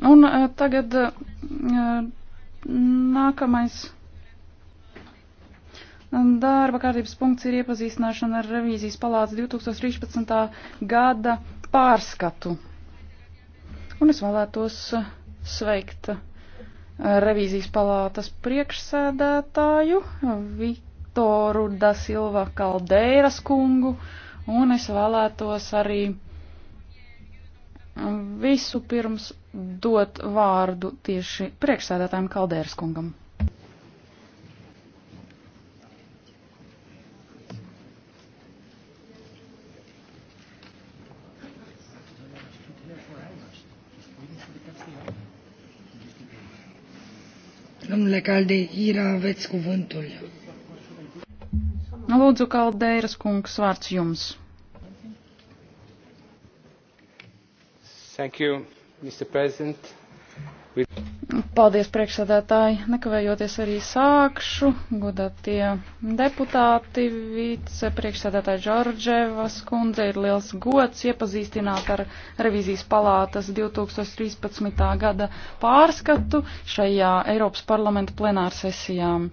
Un eh, tagad eh, nākamais darba kārtības punkts ir iepazīstināšana ar revīzijas palātas 2013. gada pārskatu. Un es vēlētos eh, sveikt revīzijas palātas priekšsēdētāju Viktoru Dasilva Kaldeiras kungu, un es vēlētos arī visu pirms dot vārdu tieši priekšsēdētājiem Kaldēras kungam. Domnule Caldeira, aveți cuvântul. Nu, lūdzu, Kaldeiras kungs, vārds jums. Thank you, Mr. President. With... Paldies, priekšsēdētāji. Nekavējoties arī sākšu. Godātie deputāti, vicepriekšsēdētāji Džordževas kundze ir liels gods iepazīstināt ar revizijas palātas 2013. gada pārskatu šajā Eiropas parlamenta plenārsesijām.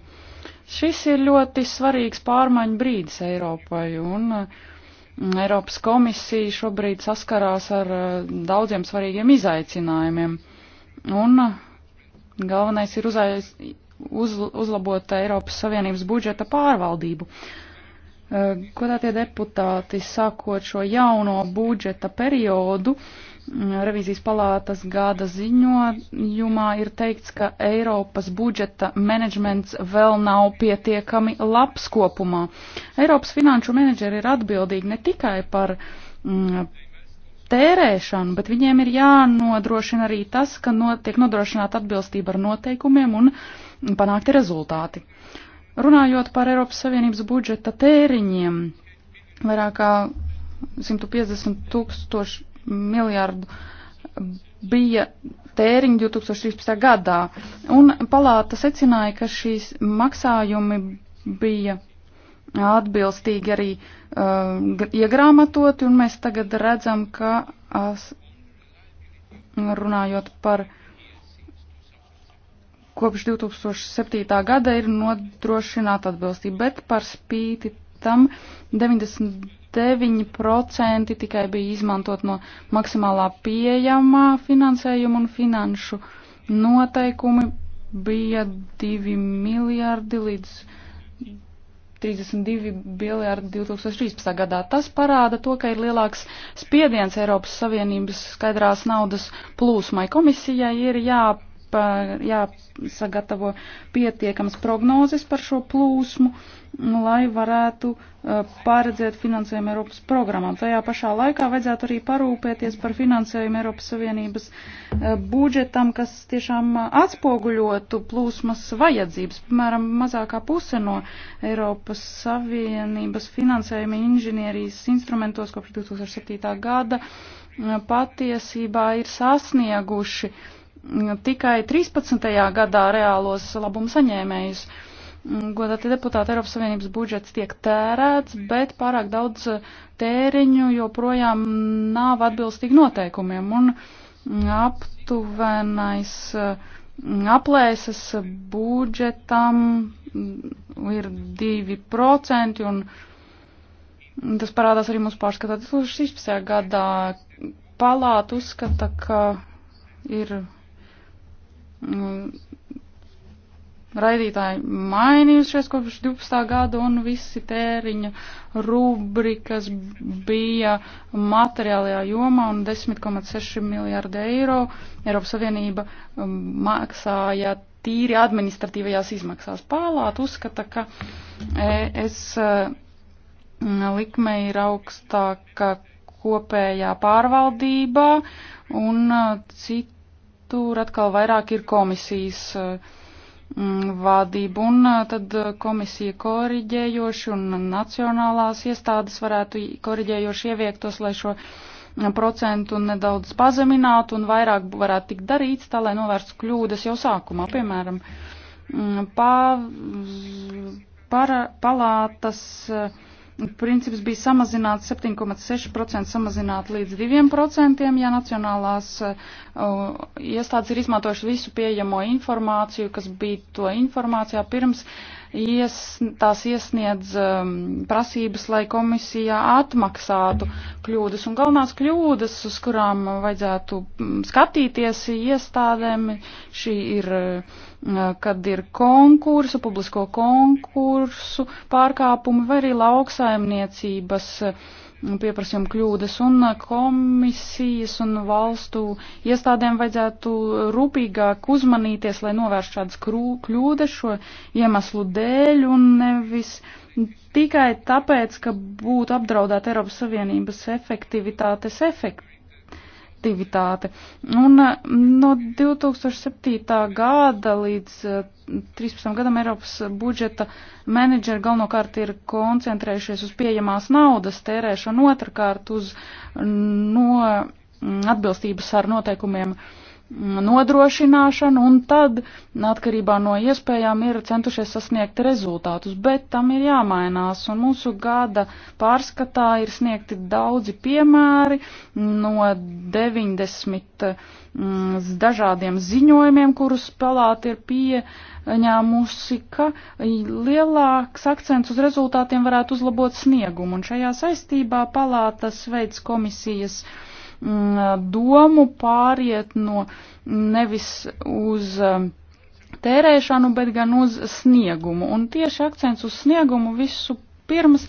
Šis ir ļoti svarīgs pārmaiņu brīdis Eiropai un uh, Eiropas komisija šobrīd saskarās ar eh, daudziem svarīgiem izaicinājumiem. Un eh, galvenais ir uzais, uz, uzlabot Eiropas Savienības budžeta pārvaldību. Godātie eh, deputāti, sākot šo jauno budžeta periodu, uh, Revīzijas palātas gada ziņojumā ir teikts, ka Eiropas budžeta menedžments vēl nav pietiekami labs kopumā. Eiropas finanšu menedžeri ir atbildīgi ne tikai par mm, tērēšanu, bet viņiem ir jānodrošina arī tas, ka no, tiek nodrošināta atbilstība ar noteikumiem un panākti rezultāti. Runājot par Eiropas Savienības budžeta tēriņiem, vairāk kā 150 tūkstoši miljārdu bija tēriņi 2013. gadā, un palāta secināja, ka šīs maksājumi bija atbilstīgi arī uh, iegrāmatoti, un mēs tagad redzam, ka as, runājot par kopš 2007. gada ir nodrošināta atbilstība, bet par spīti tam 90 9% tikai bija izmantot no maksimālā pieejamā finansējuma un finanšu noteikumi bija 2 miljardi līdz 32 biljardi 2013. gadā. Tas parāda to, ka ir lielāks spiediens Eiropas Savienības skaidrās naudas plūsmai. Komisijai ir jā jāsagatavo pietiekams prognozes par šo plūsmu, lai varētu uh, paredzēt finansējumu Eiropas programmām. Tajā pašā laikā vajadzētu arī parūpēties par finansējumu Eiropas Savienības uh, budžetam, kas tiešām atspoguļotu plūsmas vajadzības. Piemēram, mazākā puse no Eiropas Savienības finansējuma inženierijas instrumentos kopš 2007. gada uh, patiesībā ir sasnieguši uh, tikai 13. gadā reālos labumu saņēmējus. Mm, Godāti deputāti, Eiropas Savienības budžets tiek tērēts, bet pārāk daudz tēriņu joprojām nav atbilstīgi noteikumiem. Un mm, aptuvenais mm, aplēses budžetam ir 2% un tas parādās arī mūsu pārskatā 2016. gadā. Palāta uzskata, ka ir Mm, raidītāji mainījušies kopš 12. gada un visi tēriņa rubrikas bija materiālajā jomā un 10,6 miljārdi eiro Eiropas Savienība mm, maksāja tīri administratīvajās izmaksās. Pālāt uzskata, ka es mm, likme ir augstāka kopējā pārvaldībā un cita tur atkal vairāk ir komisijas eh, mm, vadība, un eh, tad eh, komisija koriģējoši un nacionālās iestādes varētu koriģējoši ieviektos, lai šo mm, procentu nedaudz pazeminātu un vairāk varētu tikt darīts, tā lai novērstu kļūdas jau sākumā, piemēram, mm, pā, para, palātas. Uh, princips bija samazināt 7,6% samazināt līdz 2%, ja nacionālās uh, iestādes ir izmantojuši visu pieejamo informāciju, kas bija to informācijā pirms ies, tās iesniedz um, prasības, lai komisijā atmaksātu kļūdas. Un galvenās kļūdas, uz kurām vajadzētu mm, skatīties iestādēm, šī ir. Uh, kad ir konkursu, publisko konkursu pārkāpumi vai arī lauksaimniecības pieprasījuma kļūdas un komisijas un valstu iestādēm vajadzētu rūpīgāk uzmanīties, lai novērstu šādas kļūdas šo iemeslu dēļ un nevis tikai tāpēc, ka būtu apdraudēta Eiropas Savienības efektivitātes efekti aktivitāte. Un mm, no 2007. gada līdz 13. Eh, gadam Eiropas budžeta menedžeri galvenokārt ir koncentrējušies uz pieejamās naudas tērēšanu, otrkārt uz mm, no mm, atbilstības ar noteikumiem uh, nodrošināšanu, un tad, atkarībā no iespējām, ir centušies sasniegt rezultātus, bet tam ir jāmainās, un mūsu gada pārskatā ir sniegti daudzi piemēri no 90 mm, dažādiem ziņojumiem, kurus palāta ir pieņēmusi, ka lielāks akcents uz rezultātiem varētu uzlabot sniegumu, un šajā saistībā palātas veids komisijas uh, Mm, domu pāriet no nevis uz um, tērēšanu, bet gan uz sniegumu. Un tieši akcents uz sniegumu visu pirms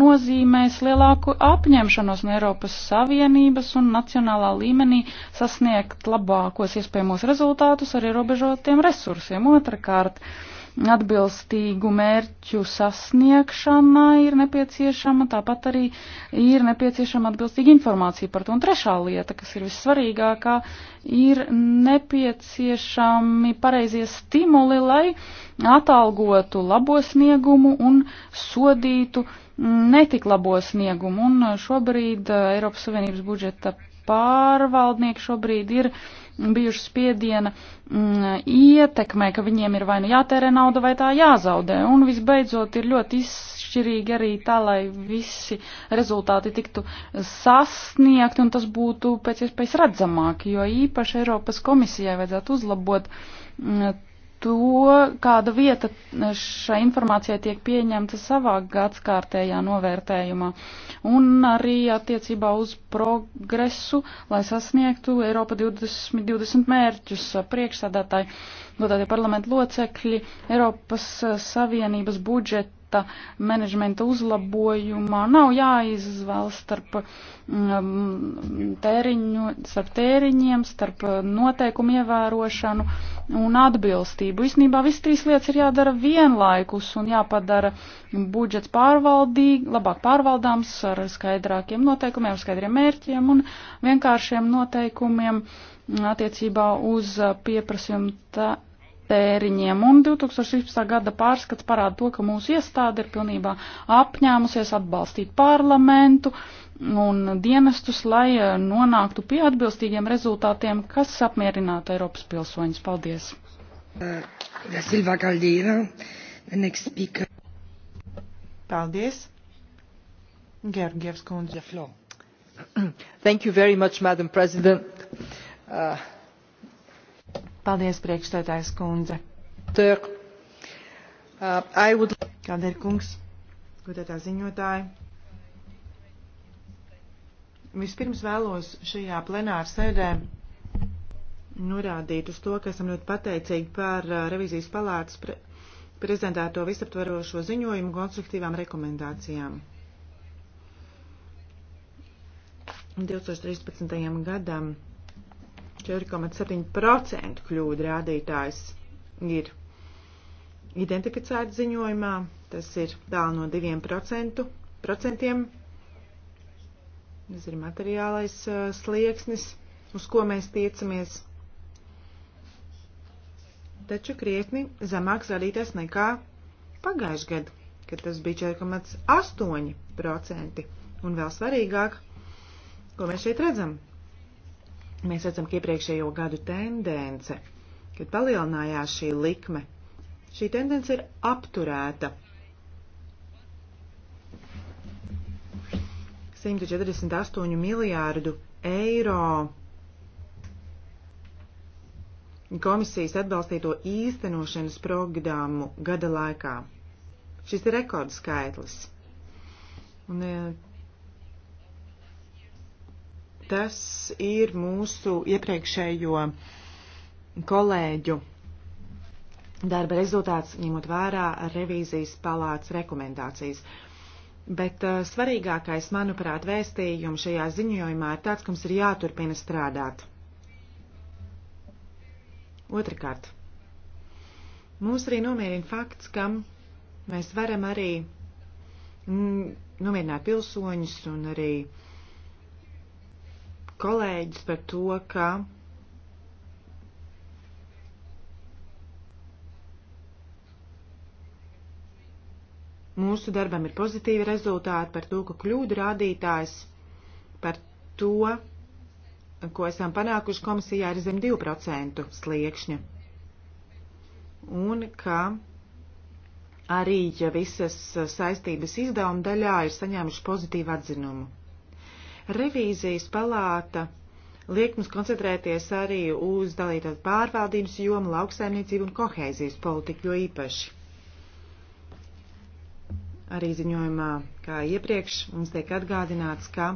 nozīmēs lielāku apņemšanos no Eiropas Savienības un nacionālā līmenī sasniegt labākos iespējamos rezultātus ar ierobežotiem resursiem. Otrakārt, uh, atbilstīgu mērķu sasniegšana ir nepieciešama, tāpat arī ir nepieciešama atbilstīga informācija par to. Un trešā lieta, kas ir vissvarīgākā, ir nepieciešami pareizie stimuli, lai atalgotu labo sniegumu un sodītu netik labo sniegumu. Un šobrīd eh, Eiropas Savienības budžeta pārvaldnieki šobrīd ir bijuši spiediena mm, ietekmē, ka viņiem ir vai nu jātērē nauda, vai tā jāzaudē. Un visbeidzot ir ļoti izšķirīgi arī tā, lai visi rezultāti tiktu sasniegti un tas būtu pēc iespējas redzamāk, jo īpaši Eiropas komisijai vajadzētu uzlabot mm, to, kāda vieta šai informācijai tiek pieņemta savā gadskārtējā novērtējumā, un arī attiecībā uz progresu, lai sasniegtu Eiropa 2020 mērķus priekšsādātāji, godātie parlamentu locekļi, Eiropas Savienības budžeta budžeta menedžmenta uzlabojumā nav jāizvēl starp mm, tēriņu, starp tēriņiem, starp noteikumu ievērošanu un atbilstību. Īsnībā viss trīs lietas ir jādara vienlaikus un jāpadara budžets pārvaldīgi, labāk pārvaldāms ar skaidrākiem noteikumiem, ar skaidriem mērķiem un vienkāršiem noteikumiem attiecībā uz pieprasījumu tēriņiem, un 2016. gada pārskats parāda to, ka mūsu iestāde ir pilnībā apņēmusies atbalstīt parlamentu un dienestus, lai eh, nonāktu pie atbilstīgiem rezultātiem, kas apmierinātu Eiropas pilsoņus. Paldies! Eh, Paldies! Georgievs kundze. Thank you very much, Madam President. Uh, Paldies, priekšstādājs kundze. Tēk. Uh, would... Kāda ir kungs? Gudētā ziņotāja. Vispirms vēlos šajā plenāra sēdē norādīt uz to, ka esam ļoti pateicīgi par uh, revizijas palātas pre prezentēto visaptvarošo ziņojumu konstruktīvām rekomendācijām. 2013. gadam 4,7% kļūda rādītājs ir identificēts ziņojumā, tas ir tālu no 2%. Procentiem. Tas ir materiālais uh, slieksnis, uz ko mēs tiecamies. Taču krietni zemāks radītājs nekā pagājušajā gadā, kad tas bija 4,8%. Un vēl svarīgāk, ko mēs šeit redzam, Mēs redzam, ka iepriekšējo gadu tendence, kad palielinājās šī likme, šī tendence ir apturēta. 148 miljārdu eiro komisijas atbalstīto īstenošanas programmu gada laikā. Šis ir rekordskaitlis. Un e, tas ir mūsu iepriekšējo kolēģu darba rezultāts, ņemot vērā revīzijas palāts rekomendācijas. Bet uh, svarīgākais, manuprāt, vēstījums šajā ziņojumā ir tāds, ka mums ir jāturpina strādāt. Otrakārt, mūs arī nomierina fakts, ka mēs varam arī mm, nomierināt pilsoņus un arī uh, kolēģis par to, ka mūsu darbam ir pozitīvi rezultāti, par to, ka kļūdu rādītājs par to, ko esam panākuši komisijā, ir zem 2% sliekšņa. Un ka arī, ja visas saistības izdevuma daļā ir saņēmuši pozitīvu atzinumu. Revīzijas palāta liek mums koncentrēties arī uz dalītās pārvaldības jomu, lauksaimniecību un kohēzijas politiku jo īpaši. Arī ziņojumā, kā iepriekš, mums tiek atgādināts, ka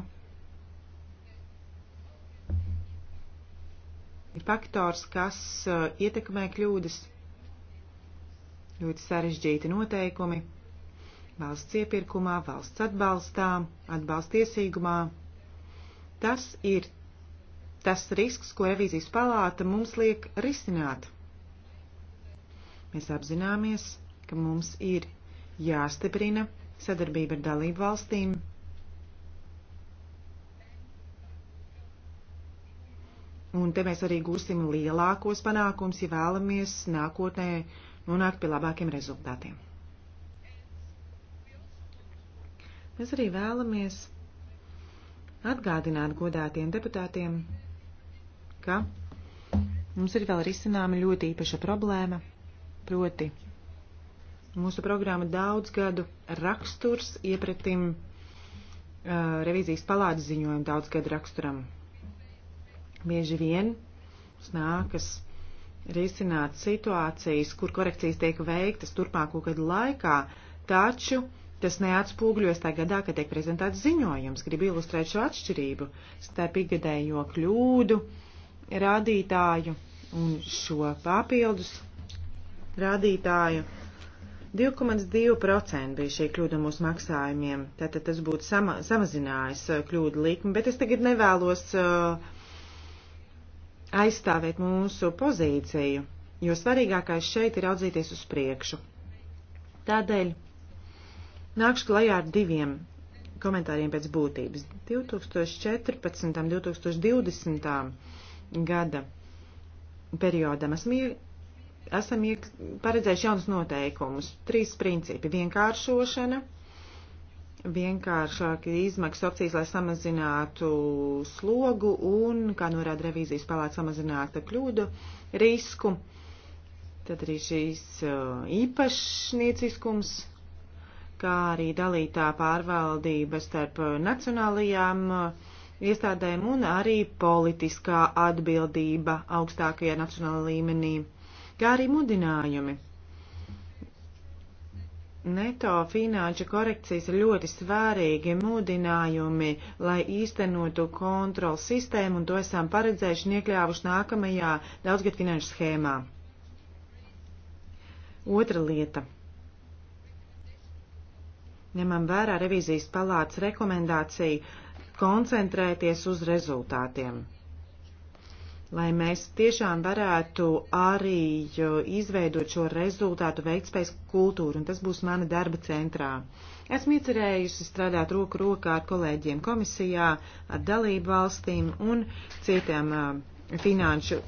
ir faktors, kas uh, ietekmē kļūdas, ļoti sarežģīti noteikumi valsts iepirkumā, valsts atbalstā, atbalstiesīgumā, Tas ir tas risks, ko revīzijas palāta mums liek risināt. Mēs apzināmies, ka mums ir jāstiprina sadarbība ar dalību valstīm. Un te mēs arī gūsim lielākos panākums, ja vēlamies nākotnē nonākt pie labākiem rezultātiem. Mēs arī vēlamies atgādināt godātiem deputātiem, ka mums ir vēl risināma ļoti īpaša problēma, proti mūsu programma daudz gadu raksturs iepratim uh, revīzijas palādes ziņojumu daudz gadu raksturam. Bieži vien mums nākas risināt situācijas, kur korekcijas tiek veiktas turpmāko gadu laikā, taču uh, Tas neatspūgļos tā gadā, kad tiek prezentēts ziņojums. Gribu ilustrēt šo atšķirību starp ikgadējo kļūdu rādītāju un šo papildus rādītāju. 2,2% bija šī kļūda mūsu maksājumiem, tātad tas būtu sama, samazinājis uh, kļūdu likmi, bet es tagad nevēlos uh, aizstāvēt mūsu pozīciju, jo svarīgākais šeit ir audzīties uz priekšu. Tādēļ Nākšu klajā ar diviem komentāriem pēc būtības. 2014. un 2020. gada periodam esam, ie, esam ie, paredzējuši jaunus noteikumus. Trīs principi - vienkāršošana, vienkāršāki izmaksas opcijas, lai samazinātu slogu un, kā norāda revīzijas palāca, samazināta kļūdu risku. Tad arī šīs uh, īpašnieciskums kā arī dalītā pārvaldība starp nacionālajām uh, iestādēm un arī politiskā atbildība augstākajā nacionālā līmenī, kā arī mudinājumi. Neto finanšu korekcijas ir ļoti svārīgi mudinājumi, lai īstenotu kontrols sistēmu, un to esam paredzējuši un iekļāvuši nākamajā daudzgad finanšu schēmā. Otra lieta ņemam vērā revīzijas palātas rekomendāciju koncentrēties uz rezultātiem, lai mēs tiešām varētu arī izveidot šo rezultātu veiktspējas kultūru, un tas būs mana darba centrā. Esmu iecerējusi strādāt roku rokā ar kolēģiem komisijā, ar dalību valstīm un citām uh, finanšu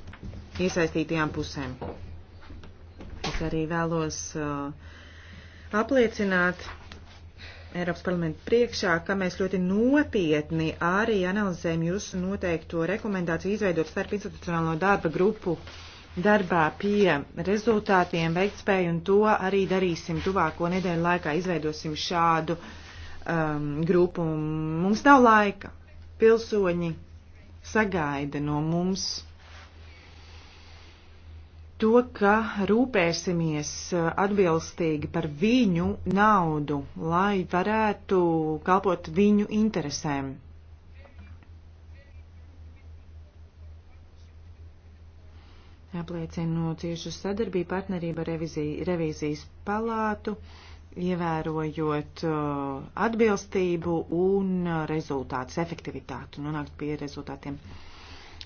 iesaistītajām pusēm. Es arī vēlos uh, apliecināt, Eiropas parlamenta priekšā, ka mēs ļoti nopietni arī analizējam jūsu noteikto rekomendāciju izveidot starp institucionālo darba grupu darbā pie rezultātiem, veiktspēju, un to arī darīsim tuvāko nedēļu laikā, izveidosim šādu um, grupu. Mums nav laika. Pilsoņi sagaida no mums to, ka rūpēsimies atbilstīgi par viņu naudu, lai varētu kalpot viņu interesēm. Apliecinu ciešu sadarbību partnerību ar revīzijas palātu, ievērojot atbilstību un rezultātus, efektivitātu, nonākt pie rezultātiem.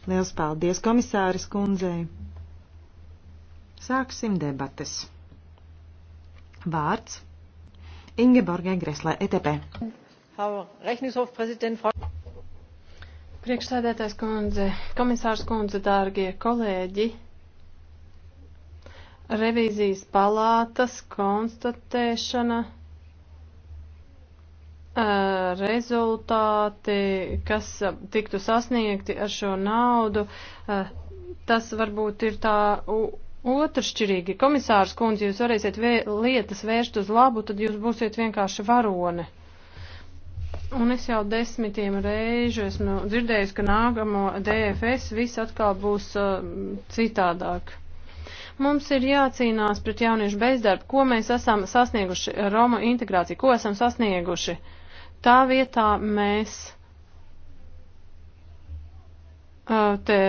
Liels paldies komisāris kundzei! Sāksim debates. Vārds Ingeborgai Greslē, ETP. Priekšsēdētājs kundze, komisārs kundze, dārgie kolēģi, revīzijas palātas konstatēšana rezultāti, kas tiktu sasniegti ar šo naudu, tas varbūt ir tā Otršķirīgi, komisārs kundze, jūs varēsiet vē lietas vērst uz labu, tad jūs būsiet vienkārši varone. Un es jau desmitiem reižu esmu dzirdējusi, ka nākamo DFS viss atkal būs uh, citādāk. Mums ir jācīnās pret jauniešu bezdarbu, ko mēs esam sasnieguši, Roma integrācija, ko esam sasnieguši. Tā vietā mēs uh, te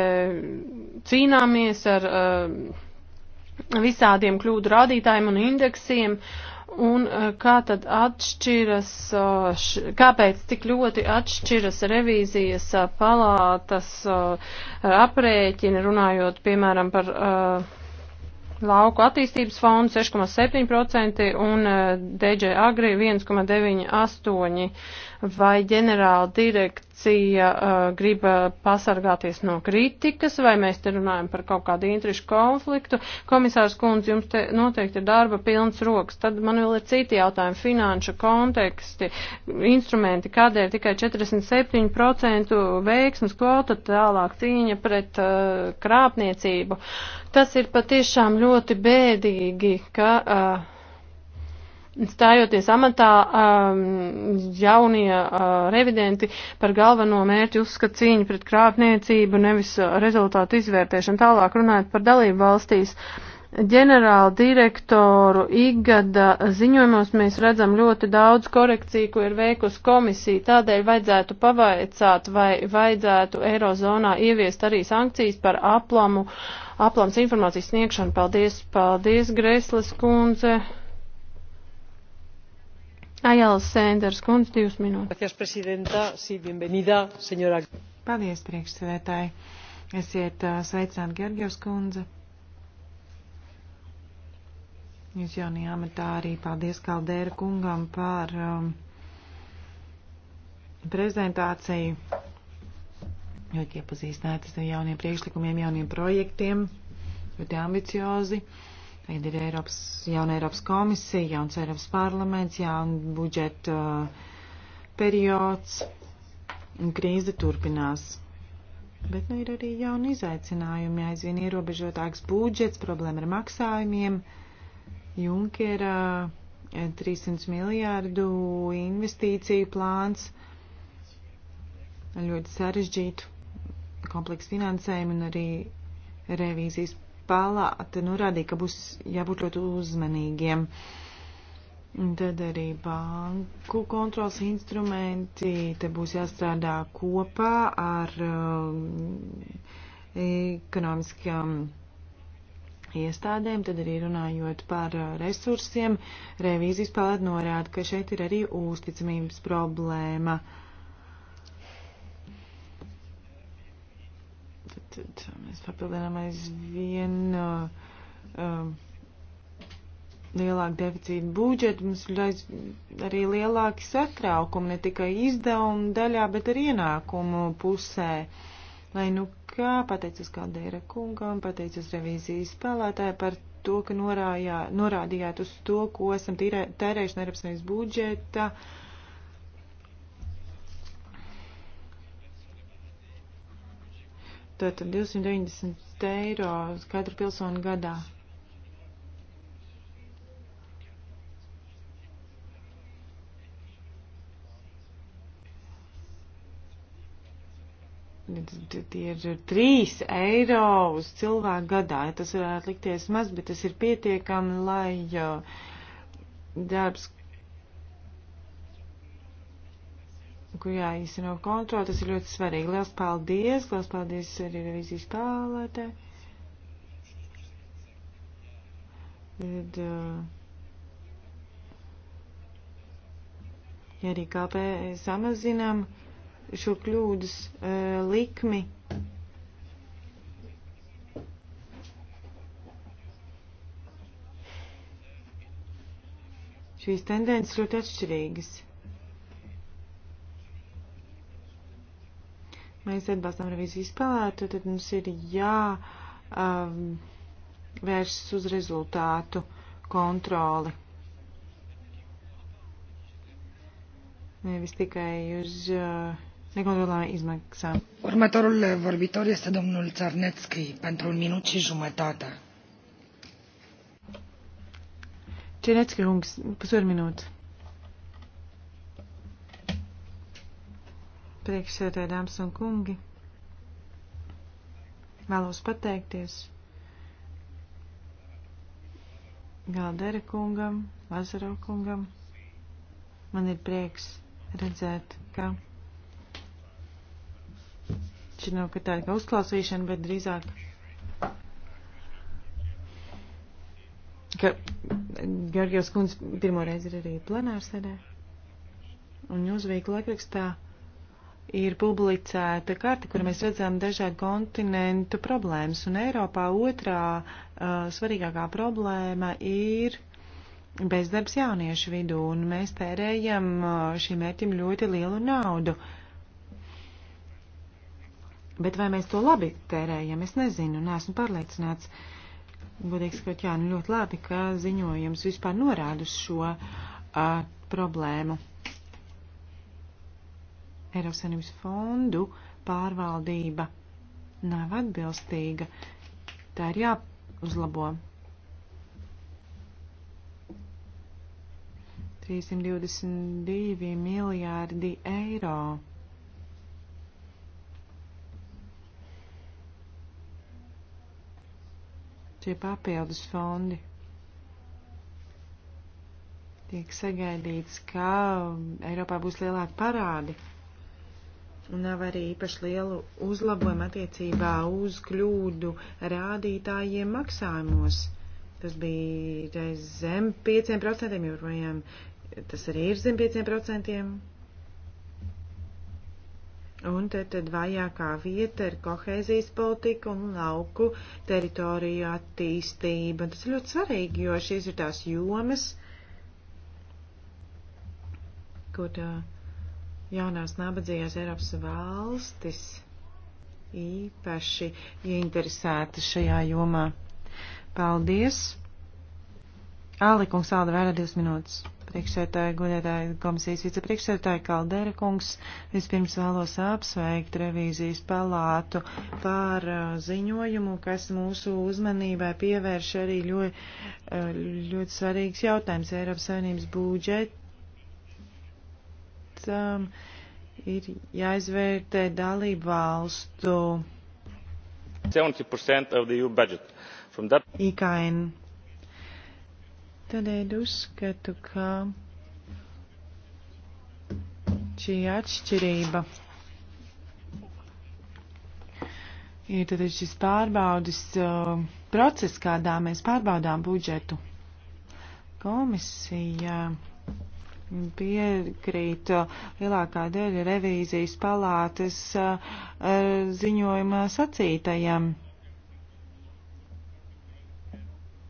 cīnāmies ar. Uh, visādiem kļūdu rādītājiem un indeksiem. Un eh, kā tad atšķiras, eh, kāpēc tik ļoti atšķiras revīzijas eh, palātas aprēķini, runājot, piemēram, par lauku attīstības fondu 6,7% un DG Agri 1,98% vai ģenerāla direktora Turcija uh, grib uh, pasargāties no kritikas, vai mēs te runājam par kaut kādu interešu konfliktu. Komisārs Kundze, jums te noteikti ir darba pilns rokas. Tad man vēl ir citi jautājumi - finanšu konteksti, instrumenti, kādēļ tikai 47% veiksmas kvota tālāk cīņa pret uh, krāpniecību. Tas ir patiešām ļoti bēdīgi, ka. Uh, stājoties amatā, um, jaunie uh, revidenti par galveno mērķi uzskata cīņu pret krāpniecību, nevis uh, rezultātu izvērtēšanu. Tālāk runājot par dalību valstīs, ģenerāla direktoru igada ziņojumos mēs redzam ļoti daudz korekciju, ko ir veikusi komisija. Tādēļ vajadzētu pavaicāt, vai vajadzētu Eirozonā ieviest arī sankcijas par aplamu, aplams informācijas sniegšanu. Paldies, paldies, Greslas kundze. Ajala Sanders, kundze, divas minūtes. Gracias, presidenta. Sí, bienvenida, señora. Paldies, priekšsēdētāji. Esiet sveicināti, Gergievs kundze. Jūs jaunajā amatā arī paldies Kaldēra kungam par um, prezentāciju. Ļoti iepazīstināti ar jauniem priekšlikumiem, jauniem projektiem, ļoti ambiciozi. Uh, Tagad ir Eiropas, jauna Eiropas komisija, jauns Eiropas parlaments, jauna budžeta uh, periods, un krīze turpinās. Bet nu ir arī jauni izaicinājumi, aizvien ierobežotāks budžets, problēma ar maksājumiem, Junkera 300 eh, miljārdu investīciju plāns, ļoti sarežģītu kompleksu finansējumu un arī revīzijas palāta norādīja, ka būs jābūt ļoti uzmanīgiem. Tad arī banku kontrols instrumenti, te būs jāstrādā kopā ar um, ekonomiskām iestādēm, tad arī runājot par resursiem, revīzijas palāta norāda, ka šeit ir arī uzticamības problēma. Uh, Tad mēs papildinām aizvien uh, um, lielāku deficītu budžetu, mums ir arī lielāki satraukumi ne tikai izdevumu daļā, bet arī ienākumu pusē. Lai nu kā, pateicos Kaldeira kungam, pateicos revīzijas spēlētāji par to, ka norājā, norādījāt uz to, ko esam tērējuši no Eiropas Savienības budžeta. Uh, tātad 290 eiro katru pilsonu gadā. Tie ir 3 eiro uz cilvēku gadā. Tas varētu likties maz, bet tas ir pietiekami, lai darbs kur jāīsteno kontroli, tas ir ļoti svarīgi. Liels paldies, liels paldies arī revizijas pālētē. Tad, uh, ja arī kāpē samazinām šo kļūdas uh, likmi, šīs tendences ļoti atšķirīgas. mēs atbalstam revīzijas palētu, tad mums ir jā um, vērsts uz rezultātu kontroli. Nevis tikai uz uh, nekontrolējumu izmaksām. Următorul uh, vorbitor este domnul Țarnețchi pentru un minut și jumătate. Černecki kungs, pusotru minūti. priekšsēdē, dāmas un kungi. Vēlos pateikties Galdera kungam, Lazaro kungam. Man ir prieks redzēt, ka šī nav ka tāda kā uzklausīšana, bet drīzāk, ka Georgijos kundze pirmo reizi ir arī plenārsēdē. Un jūs veikla laikrakstā ir publicēta karta, kur mēs redzam dažādu kontinentu problēmas, un Eiropā otrā uh, svarīgākā problēma ir bezdarbs jauniešu vidū, un mēs tērējam uh, šim mērķim ļoti lielu naudu. Bet vai mēs to labi tērējam, es nezinu, neesmu pārliecināts. Godīgi sakot, jā, nu ļoti labi, ka ziņojums vispār norāda uz šo uh, problēmu. Eiropas Savienības fondu pārvaldība nav atbilstīga. Tā ir jāuzlabo. 322 miljārdi eiro. Tie papildus fondi tiek sagaidīts, ka Eiropā būs lielāki parādi Nav arī īpaši lielu uzlabojumu attiecībā uz kļūdu rādītājiem maksājumos. Tas bija zem 5%, joprojām tas arī ir zem 5%. Un tad, tad vajākā vieta ir kohēzijas politika un lauku teritoriju attīstība. Tas ir ļoti svarīgi, jo šīs ir tās jomas, kur uh, jaunās nabadzīgās Eiropas valstis īpaši ieinteresēta šajā jomā. Paldies! Ālikungs Alda vērā divas minūtes. Priekšsētāja, guļētāja komisijas vicepriekšsētāja Kaldera kungs. Vispirms vēlos apsveikt revīzijas palātu par uh, ziņojumu, kas mūsu uzmanībai pievērš arī ļoti, uh, ļoti svarīgs jautājums Eiropas Savienības budžets um, ir jāizvērtē dalību valstu that... IKN. Tādēļ uzskatu, ka šī atšķirība ir tad šis pārbaudas uh, process, kādā mēs pārbaudām budžetu. Komisija. Uh, piekrītu lielākā daļa revīzijas palātes ziņojumā sacītajam.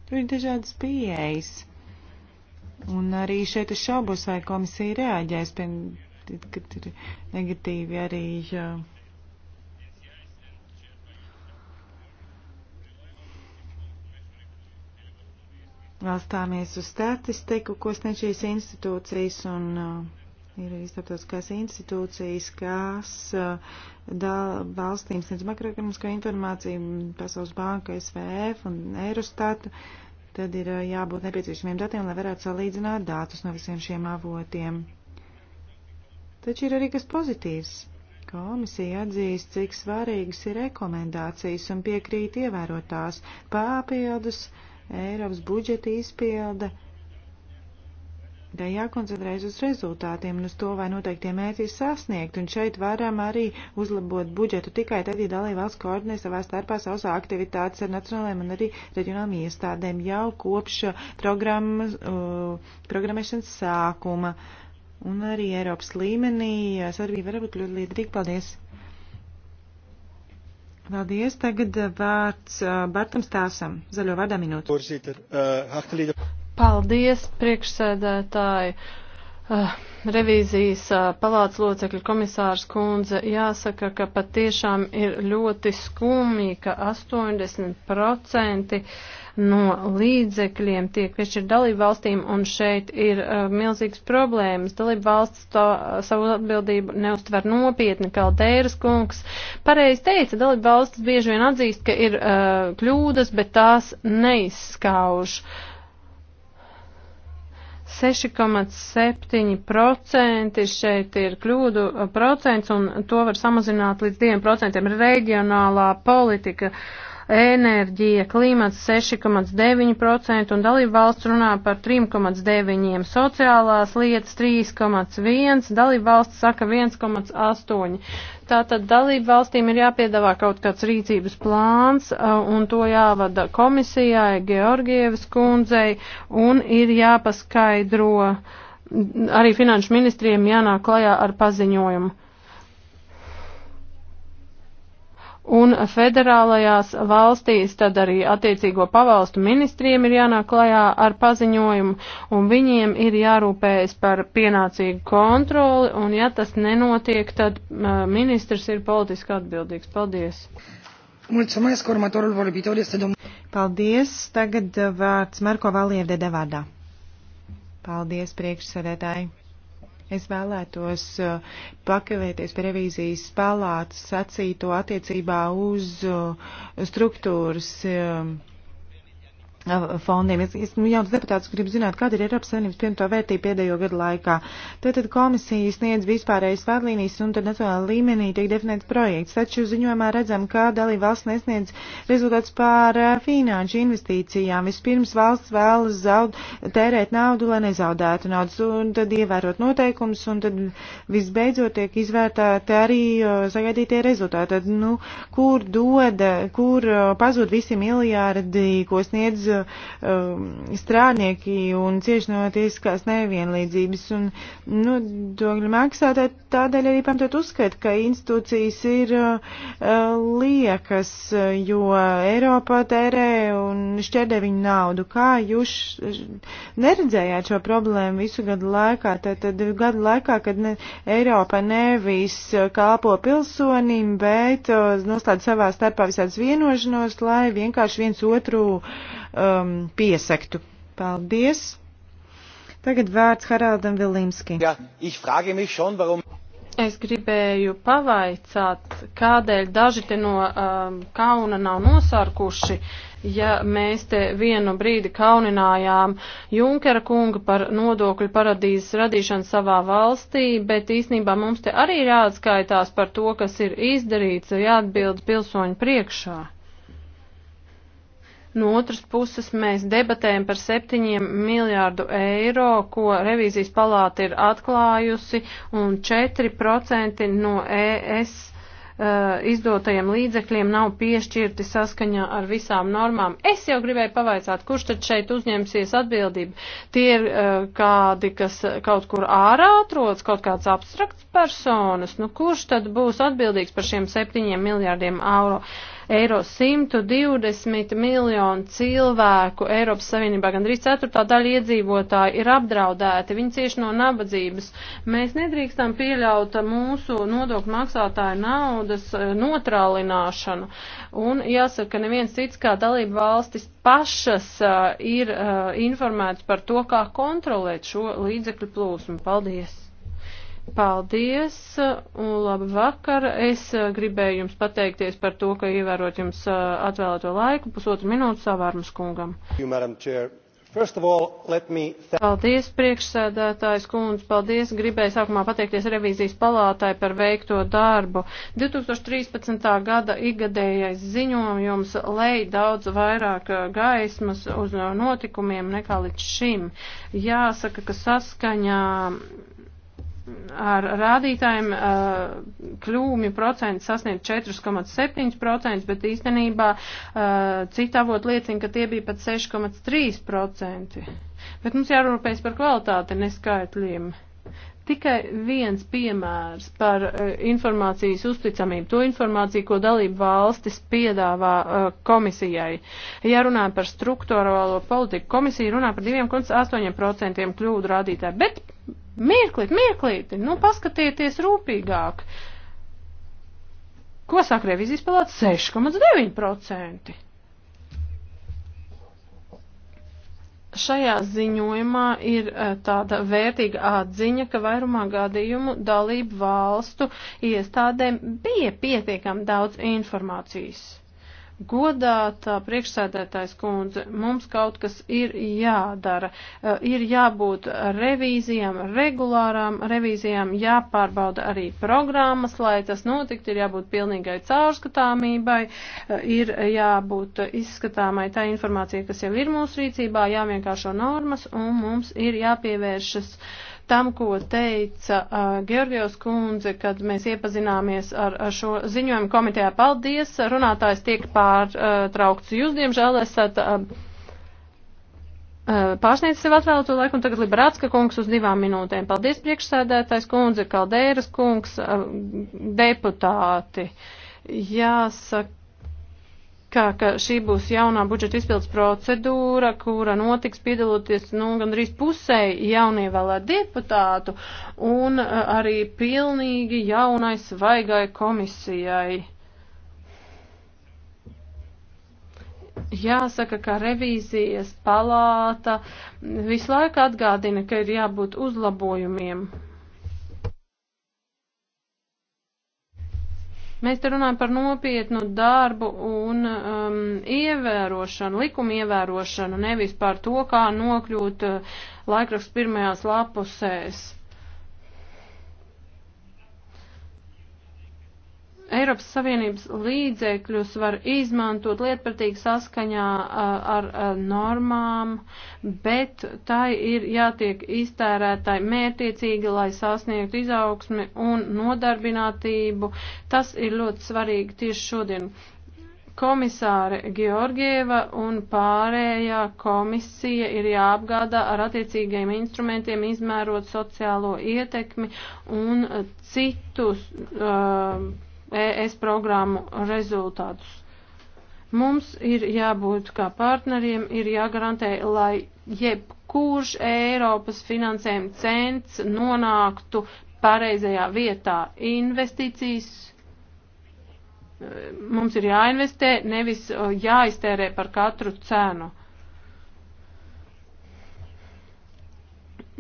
Tur ir dažādas pieejas. Un arī šeit es šaubos, vai komisija reaģēs, kad ir negatīvi arī. Uh, valstāmies uz statistiku, ko sniedz šīs institūcijas un uh, ir arī starptautiskās institūcijas, kas uh, da, valstīm sniedz makroekonomisko informāciju, Pasaules banka, SVF un Eurostatu. Tad ir uh, jābūt nepieciešamiem datiem, lai varētu salīdzināt datus no visiem šiem avotiem. Taču ir arī kas pozitīvs. Komisija atzīst, cik svarīgas ir rekomendācijas un piekrīt ievērot tās papildus. Uh, Eiropas budžeta izpilda. Tā jākoncentrējas uz rezultātiem un uz to, vai noteiktie mērķi ir sasniegt, un šeit varam arī uzlabot budžetu tikai tad, ja dalībvalsts koordinē savā starpā savas aktivitātes ar nacionālajiem un arī reģionālām iestādēm jau kopš programmas, uh, programmēšanas sākuma. Un arī Eiropas līmenī sadarbība var būt ļoti liederīga. Paldies! Paldies. Tagad eh, vārds eh, Bartam Stāsam. Zaļo vārdā minūte. Eh, Paldies, priekšsēdētāji. Uh, revīzijas uh, palāca locekļu komisārs kundze jāsaka, ka patiešām ir ļoti skumji, ka 80% no līdzekļiem tiek piešķirt dalību valstīm, un šeit ir uh, milzīgas problēmas. Dalību valsts to, uh, savu atbildību neustver nopietni, kā Dēras kungs pareizi teica, dalību valstis bieži vien atzīst, ka ir uh, kļūdas, bet tās neizskauž. 6,7% šeit ir kļūdu uh, procents, un to var samazināt līdz 2% reģionālā politika. Uh, enerģija, klimats 6,9% un dalību valsts runā par 3,9%, sociālās lietas 3,1%, dalību valsts saka 1,8%. Tātad dalību valstīm ir jāpiedāvā kaut kāds rīcības plāns, un to jāvada komisijai, Georgievas kundzei, un ir jāpaskaidro arī finanšu ministriem jānāk klajā ar paziņojumu. Un federālajās valstīs tad arī attiecīgo pavalstu ministriem ir jānāk klajā ar paziņojumu, un viņiem ir jārūpējas par pienācīgu kontroli, un ja tas nenotiek, tad uh, ministrs ir politiski atbildīgs. Paldies! Mulțumesc, următorul vorbitor este domnul. Paldies, tagad uh, vārds Marko Valievde devārdā. Paldies, priekšsēdētāji. Es vēlētos uh, pakavēties pie revīzijas palātas sacīto attiecībā uz uh, struktūras um, Uh, fondiem. Es, es nu, jauns deputāts gribu zināt, kāda ir Eiropas Savienības pieņemto vērtību pēdējo gadu laikā. Tad, tad komisija sniedz vispārējas vadlīnijas un tad nacionālā līmenī tiek definēts projekts. Taču ziņojumā redzam, ka dalība valsts nesniedz rezultāts par uh, finanšu investīcijām. Vispirms valsts vēlas zaud, tērēt naudu, lai nezaudētu naudas, un tad ievērot noteikumus, un tad visbeidzot tiek izvērtēti arī uh, sagaidītie rezultāti. Tad, nu, kur dod, kur pazūd visi miljārdi, ko sniedz Um, strādnieki un cieši no tiesiskās nevienlīdzības. Un nodokļu nu, maksātāji tādēļ arī pamatot uzskata, ka institūcijas ir uh, liekas, jo Eiropā tērē un šķērdē viņu naudu. Kā jūs uh, neredzējāt šo problēmu visu gadu laikā? Tad, tad gadu laikā, kad ne, Eiropa nevis uh, kalpo pilsonim, bet noslēdz savā starpā visādas vienošanos, lai vienkārši viens otru uh, um, piesektu. Paldies! Tagad vārds Haraldam Vilimski. Ja, Es gribēju pavaicāt, kādēļ daži te no um, kauna nav nosarkuši, ja mēs te vienu brīdi kauninājām Junkera kunga par nodokļu paradīzes radīšanu savā valstī, bet īsnībā mums te arī ir jāatskaitās par to, kas ir izdarīts, jāatbild pilsoņu priekšā. No otras puses, mēs debatējam par septiņiem miljārdu eiro, ko revīzijas palāta ir atklājusi, un 4% no ES eh, izdotajiem līdzekļiem nav piešķirti saskaņā ar visām normām. Es jau gribēju pavaicāt, kurš tad šeit uzņemsies atbildību. Tie ir eh, kādi, kas kaut kur ārā atrodas, kaut kāds abstrakts personas. Nu, kurš tad būs atbildīgs par šiem septiņiem miljārdiem eiro? eiro 120 miljonu cilvēku Eiropas Savienībā, gandrīz ceturtā daļa iedzīvotāji ir apdraudēti, viņi cieši no nabadzības. Mēs nedrīkstam pieļaut mūsu nodokļu maksātāju naudas eh, notrālināšanu. Un jāsaka, ka neviens cits kā dalība valstis pašas eh, ir eh, informēts par to, kā kontrolēt šo līdzekļu plūsmu. Paldies! Paldies un labu vakar. Es eh, gribēju jums pateikties par to, ka ievērot jums eh, atvēlēto laiku, pusotru minūtu savārmas kungam. Paldies, priekšsēdētājs kundze, paldies. Gribēju sākumā pateikties revīzijas palātai par veikto darbu. 2013. gada igadējais ziņojums lej daudz vairāk eh, gaismas uz notikumiem nekā līdz šim. Jāsaka, ka saskaņā ar rādītājiem eh, kļūmju procents sasniegt 4,7%, bet īstenībā eh, citā avot liecina, ka tie bija pat 6,3%. Bet mums jārūpējas par kvalitāti, neskaitļiem. Tikai viens piemērs par e, informācijas uzticamību, to informāciju, ko dalību valstis piedāvā e, komisijai. Ja runājam par struktūrālo politiku, komisija runā par 2,8% kļūdu rādītāju, bet mirklīt, mirklīt, nu paskatieties rūpīgāk. Ko saka revizijas palāca? 6,9%. Šajā ziņojumā ir e, tāda vērtīga atziņa, ka vairumā gadījumu dalību valstu iestādēm bija pietiekam daudz informācijas. Godātā priekšsēdētājs kundze, mums kaut kas ir jādara. Eh, ir jābūt revīzijām, regulārām revīzijām, jāpārbauda arī programmas, lai tas notiktu, ir jābūt pilnīgai caurskatāmībai, eh, ir jābūt izskatāmai tā informācija, kas jau ir mūsu rīcībā, jāvienkāršo normas un mums ir jāpievēršas tam, ko teica uh, Georgijos kundze, kad mēs iepazināmies ar, ar šo ziņojumu komitejā. Paldies, runātājs tiek pārtraukts. Uh, Jūs, diemžēl, esat. Uh, Pārsniedz sev atvēlēto laiku, un tagad Liberācka kungs uz divām minūtēm. Paldies, priekšsēdētājs kundze, Kaldēras kungs, deputāti. Jāsaka kā ka šī būs jaunā budžeta izpildes procedūra, kura notiks piedaloties nu, gandrīz pusē jaunievēlēt deputātu un e, arī pilnīgi jaunai svaigai komisijai. Jāsaka, ka revīzijas palāta visu laiku atgādina, ka ir jābūt uzlabojumiem Mēs te runājam par nopietnu darbu un um, ievērošanu, likumu ievērošanu, nevis par to, kā nokļūt uh, laikraksts pirmajās lapusēs. Eiropas Savienības līdzekļus var izmantot lietpratīgi saskaņā ar normām, bet tai ir jātiek iztērētai mērtiecīgi, lai sasniegtu izaugsmi un nodarbinātību. Tas ir ļoti svarīgi tieši šodien. Komisāre Georgieva un pārējā komisija ir jāapgādā ar attiecīgajiem instrumentiem, izmērot sociālo ietekmi un citus. Uh, ES programmu rezultātus. Mums ir jābūt kā partneriem, ir jāgarantē, lai jebkurš Eiropas finansējuma cents nonāktu pareizajā vietā investīcijas. E, mums ir jāinvestē, nevis e, jāiztērē par katru cenu.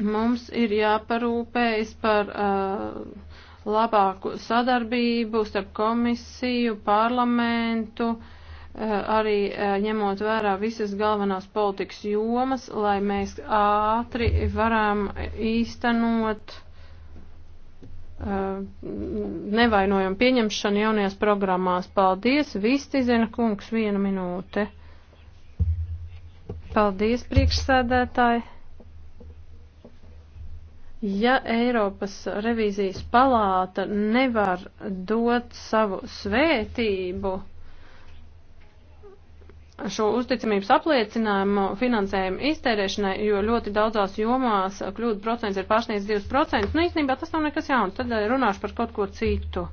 Mums ir jāparūpējas par uh, labāku sadarbību starp komisiju, parlamentu, eh, arī eh, ņemot vērā visas galvenās politikas jomas, lai mēs ātri varam īstenot eh, nevainojumu pieņemšanu jaunajās programmās. Paldies, Vistizena kungs, viena minūte. Paldies, priekšsēdētāji. Ja Eiropas revīzijas palāta nevar dot savu svētību šo uzticamības apliecinājumu finansējumu iztērēšanai, jo ļoti daudzās jomās kļūda procents ir pārsniedz 2%, nu īstenībā tas nav nekas jauns, tad eh, runāšu par kaut ko citu.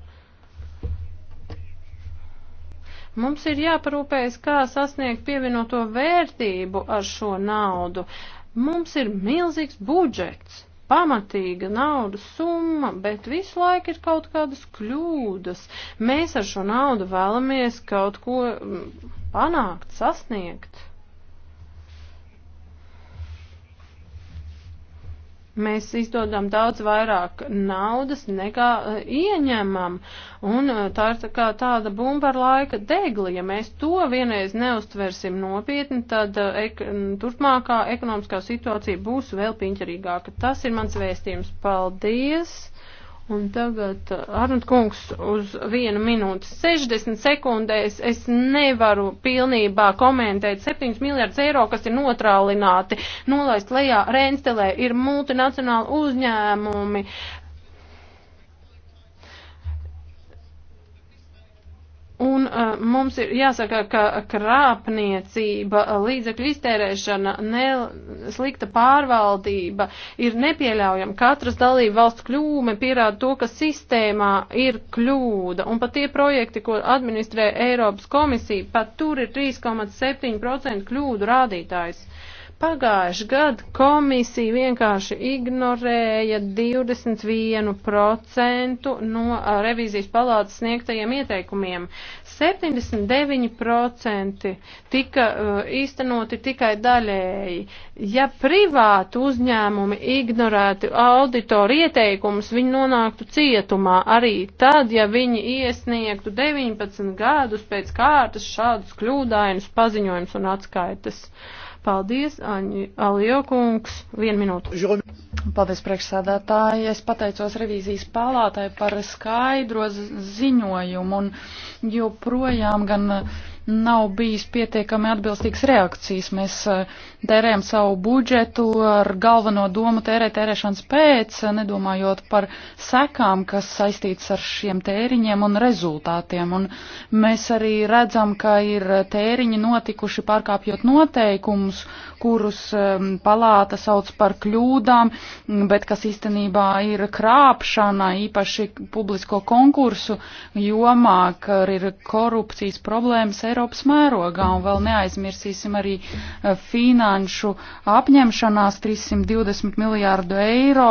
Mums ir jāparūpējas, kā sasniegt pievienoto vērtību ar šo naudu. Mums ir milzīgs budžets pamatīga naudas summa, bet visu laiku ir kaut kādas kļūdas. Mēs ar šo naudu vēlamies kaut ko mm, panākt, sasniegt. Mēs izdodam daudz vairāk naudas nekā uh, ieņemam, un uh, tā ir tā kā tāda bumba ar laika degli. Ja mēs to vienreiz neustversim nopietni, tad uh, ek turpmākā ekonomiskā situācija būs vēl piņķerīgāka. Tas ir mans vēstījums. Paldies! Un tagad, uh, Arndt kungs, uz vienu minūti 60 sekundēs es nevaru pilnībā komentēt 7 miljārdus eiro, kas ir notrālināti, nolaist lejā Rēnstelē, ir multinacionāli uzņēmumi, Un uh, mums ir jāsaka, ka krāpniecība, uh, līdzekļu iztērēšana, ne, slikta pārvaldība ir nepieļaujama. Katras dalība valsts kļūme pierāda to, ka sistēmā ir kļūda. Un pat tie projekti, ko administrē Eiropas komisija, pat tur ir 3,7% kļūdu rādītājs. Uh, Pagājuši gadu komisija vienkārši ignorēja 21% no revīzijas palātas sniegtajiem ieteikumiem. 79% tika īstenoti tikai daļēji. Ja privātu uzņēmumi ignorētu auditoru ieteikumus, viņi nonāktu cietumā arī tad, ja viņi iesniegtu 19 gadus pēc kārtas šādus kļūdainus paziņojumus un atskaitas. Uh, Paldies, Alijo kungs, vienu minūtu. Paldies, priekšsādātāji. Es pateicos revīzijas pālātai par skaidro ziņojumu un joprojām gan nav bijis pietiekami atbilstīgs reakcijas. Mēs eh, tērējam savu budžetu ar galveno domu tērēt tērēšanas pēc, nedomājot par sekām, kas saistīts ar šiem tēriņiem un rezultātiem. Un mēs arī redzam, ka ir tēriņi notikuši pārkāpjot noteikumus, kurus um, palāta sauc par kļūdām, bet kas īstenībā ir krāpšana, īpaši publisko konkursu jomā, ka ir korupcijas problēmas Eiropas mērogā. Un vēl neaizmirsīsim arī uh, finanšu finanšu apņemšanās 320 miljārdu eiro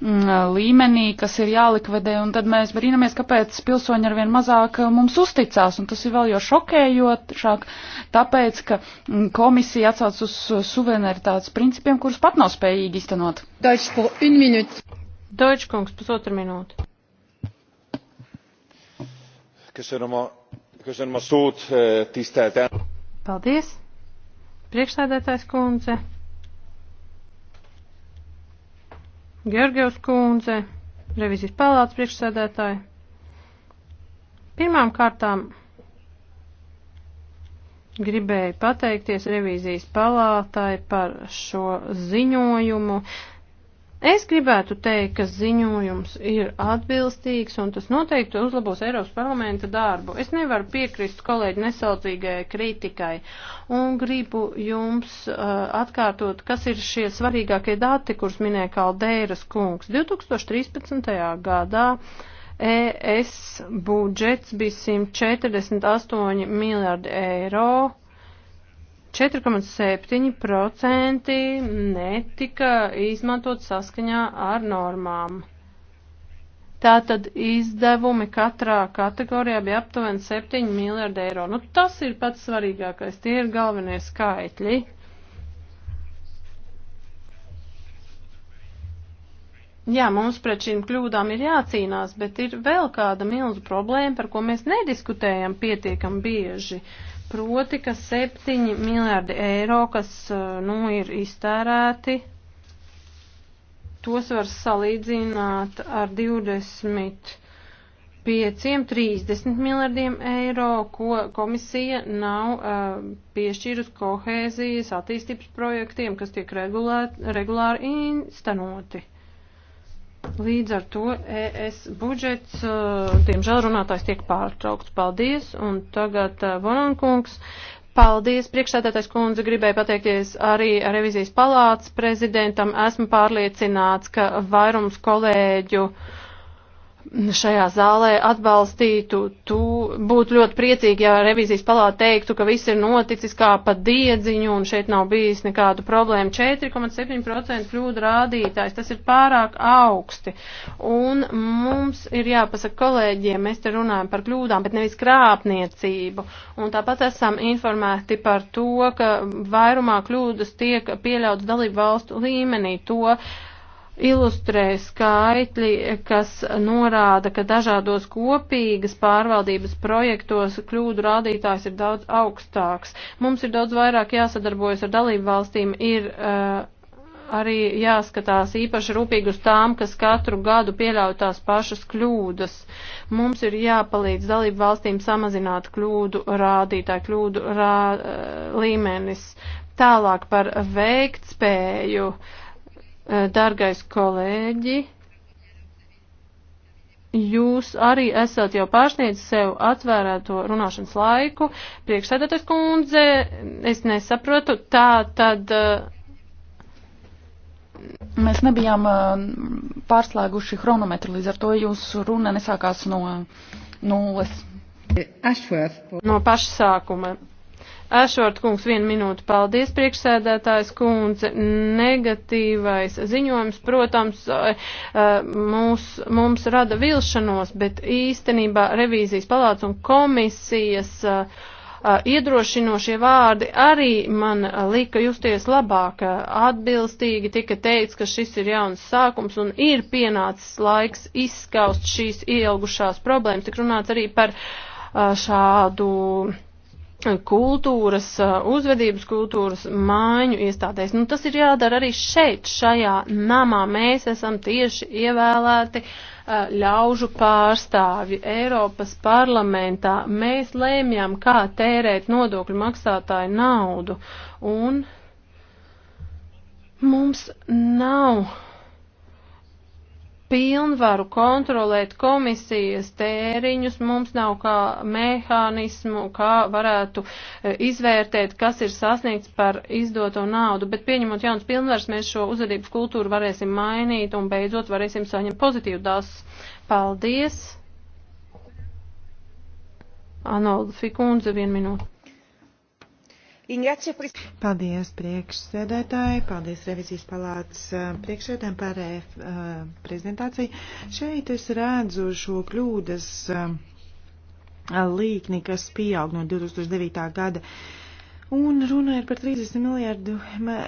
mm, līmenī, kas ir jālikvidē, un tad mēs brīnamies, kāpēc pilsoņi arvien mazāk eh, mums uzticās, un tas ir vēl jo šokējošāk, tāpēc, ka mm, komisija atsauc uz eh, suverenitātes principiem, kurus pat nav spējīgi iztenot. Deutschkungs, pusotru minūti. Köszönöm a, köszönöm a szót, eh, tisztelt el. Paldies. Priekšsēdētājs kundze. Georgievs kundze, revizijas palāts priekšsēdētāji. Pirmām kārtām gribēju pateikties revīzijas palātai par šo ziņojumu. Es gribētu teikt, ka ziņojums ir atbilstīgs un tas noteikti uzlabos Eiropas parlamenta darbu. Es nevaru piekrist kolēģi nesaudzīgajai kritikai un gribu jums uh, atkārtot, kas ir šie svarīgākie dati, kurus minēja Kaldēras kungs. 2013. gadā ES budžets bija 148 miljardi eiro 4,7% netika izmantot saskaņā ar normām. Tātad izdevumi katrā kategorijā bija aptuveni 7 miljardi eiro. Nu, tas ir pats svarīgākais, tie ir galvenie skaitļi. Jā, mums pret šīm kļūdām ir jācīnās, bet ir vēl kāda milzu problēma, par ko mēs nediskutējam pietiekam bieži. Uh, Proti, ka 7 miljārdi eiro, kas eh, nu, ir iztērēti, tos var salīdzināt ar 20. 5,30 miljardiem eiro, ko komisija nav uh, piešķīrusi kohēzijas attīstības projektiem, kas tiek regulāri instanoti. Līdz ar to ES budžets, uh, diemžēl runātājs tiek pārtraukts. Paldies, un tagad uh, Vonankungs. Paldies, priekšsēdētais kundze, gribēju pateikties arī revizijas palātas prezidentam. Esmu pārliecināts, ka vairums kolēģu. Uh, šajā zālē atbalstītu, tu būtu ļoti priecīgi, ja revizijas palāta teiktu, ka viss ir noticis kā pa diedziņu un šeit nav bijis nekādu problēmu. 4,7% kļūdu rādītājs, tas ir pārāk augsti. Un mums ir jāpasaka kolēģiem, mēs te runājam par kļūdām, bet nevis krāpniecību. Un tāpat esam informēti par to, ka vairumā kļūdas tiek pieļautas dalību valstu līmenī. To, uh, ilustrē skaitļi, kas norāda, ka dažādos kopīgas pārvaldības projektos kļūdu rādītājs ir daudz augstāks. Mums ir daudz vairāk jāsadarbojas ar dalību valstīm, ir uh, arī jāskatās īpaši rūpīgi uz tām, kas katru gadu pieļauj tās pašas kļūdas. Mums ir jāpalīdz dalību valstīm samazināt kļūdu rādītāju, kļūdu rā, uh, līmenis. Tālāk par veiktspēju. Uh, Eh, dargais kolēģi, jūs arī esat jau pārsniedzis sev atvērēto runāšanas laiku. Priekšsēdētājs kundze, es nesaprotu, tā tad. Eh, Mēs nebijām eh, pārslēguši chronometru, līdz ar to jūsu runa nesākās no nulles. No paša sākuma. Ešvort kungs, vienu minūtu. Paldies, priekšsēdētājs kundze. Negatīvais ziņojums, protams, eh, eh, mūs, mums rada vilšanos, bet īstenībā revīzijas palāca un komisijas eh, iedrošinošie vārdi arī man lika justies labāk. Atbilstīgi tika teikts, ka šis ir jauns sākums un ir pienācis laiks izskaust šīs ieilgušās problēmas. Tik runāts arī par šādu kultūras, uzvedības kultūras maiņu iestādēs. Nu, tas ir jādara arī šeit, šajā namā. Mēs esam tieši ievēlēti ļaužu pārstāvi Eiropas parlamentā. Mēs lēmjam, kā tērēt nodokļu maksātāju naudu. Un mums nav pilnvaru kontrolēt komisijas tēriņus, mums nav kā mehānismu, kā varētu e, izvērtēt, kas ir sasniegts par izdoto naudu, bet pieņemot jaunas pilnvaras, mēs šo uzvedības kultūru varēsim mainīt un beidzot varēsim saņemt pozitīvu dāsu. Paldies! Anolda Fikundze, vienu minūti. Paldies priekšsēdētāji, paldies revizijas palātas eh, priekšsēdēm par eh, eh, prezentāciju. Šeit es redzu šo kļūdas līkni, kas pieaug no 2009. gada. Un runa ir par 30 miljardu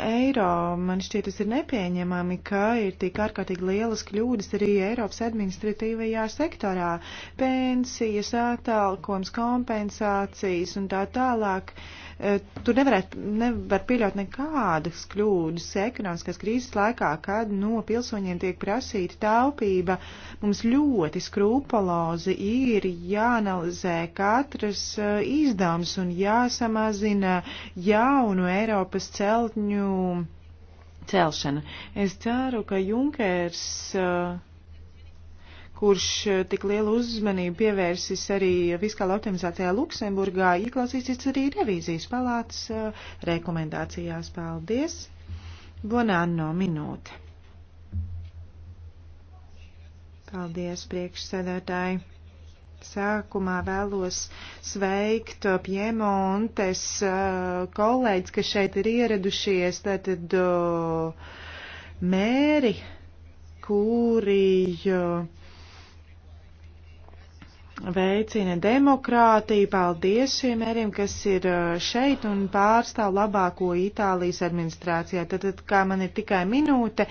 eiro. Man šķiet, tas ir nepieņemami, ka ir tik ārkārtīgi lielas kļūdas arī Eiropas administratīvajā sektorā - pensijas, atalkojums, kompensācijas un tā tālāk. Uh, E, Tur nevarētu, nevar pieļaut nekādas kļūdas ekonomiskās krīzes laikā, kad no pilsoņiem tiek prasīta taupība. Mums ļoti skrupulozi ir jāanalizē katras e, izdevums un jāsamazina jaunu Eiropas celtņu celšana. Es ceru, ka Junkers uh, kurš e, tik lielu uzmanību pievērsis arī fiskāla optimizācijā Luksemburgā, ieklausīsies arī revīzijas palātas e, rekomendācijās. Paldies! Bonanno minūte. Paldies, priekšsēdētāji! Sākumā vēlos sveikt Piemontes e, kolēģis, kas šeit ir ieradušies, tātad mēri, kuri uh, veicina demokrātiju. Paldies šiem mēriem, kas ir uh, šeit un pārstāv labāko Itālijas administrācijā. Tad, tad kā man ir tikai minūte,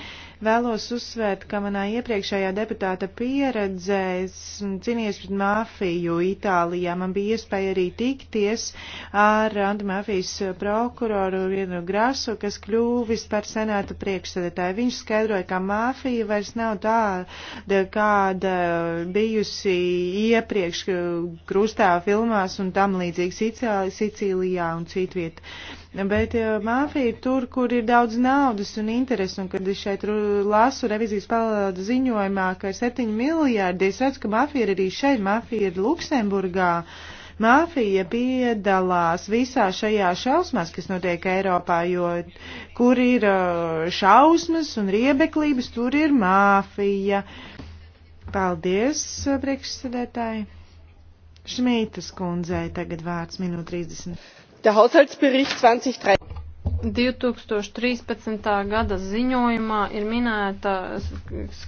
Vēlos uzsvērt, ka manā iepriekšējā deputāta pieredzē mm, cīnījies pret mafiju Itālijā. Man bija iespēja arī tikties ar antimafijas prokuroru Vienu Grasu, kas kļuvis par senāta priekšsēdētāju. Viņš skaidroja, ka mafija vairs nav tāda, kāda bijusi iepriekš krustā filmās un tam līdzīgs Itāli, Sicīlijā un citviet. Bet eh, mafija ir tur, kur ir daudz naudas un interesu, un kad šeit lasu revizijas palādu ziņojumā, ka ir 7 miljārdi, es redzu, ka mafija ir arī šeit, mafija ir Luksemburgā. Mafija piedalās visā šajā šausmās, kas notiek Eiropā, jo kur ir uh, šausmas un riebeklības, tur ir mafija. Paldies, uh, priekšsēdētāji. Šmītas kundzei tagad vārds minūte 30. Der Haushaltsbericht 2030. 2013. gada ziņojumā ir minēta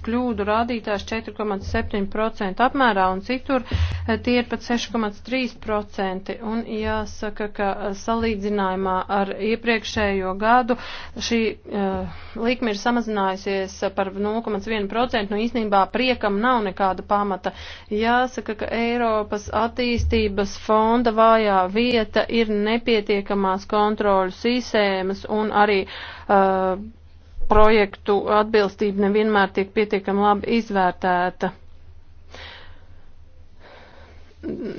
kļūdu rādītājs 4,7% apmērā un citur eh, tie ir pat 6,3%. Un jāsaka, ka eh, salīdzinājumā ar iepriekšējo gadu šī uh, likme ir samazinājusies par 0,1%. Nu īstenībā priekam nav nekāda pamata. Jāsaka, ka Eiropas attīstības fonda vājā vieta ir nepietiekamās kontroļu sistēmas problēmas un arī uh, projektu atbilstība nevienmēr tiek pietiekami labi izvērtēta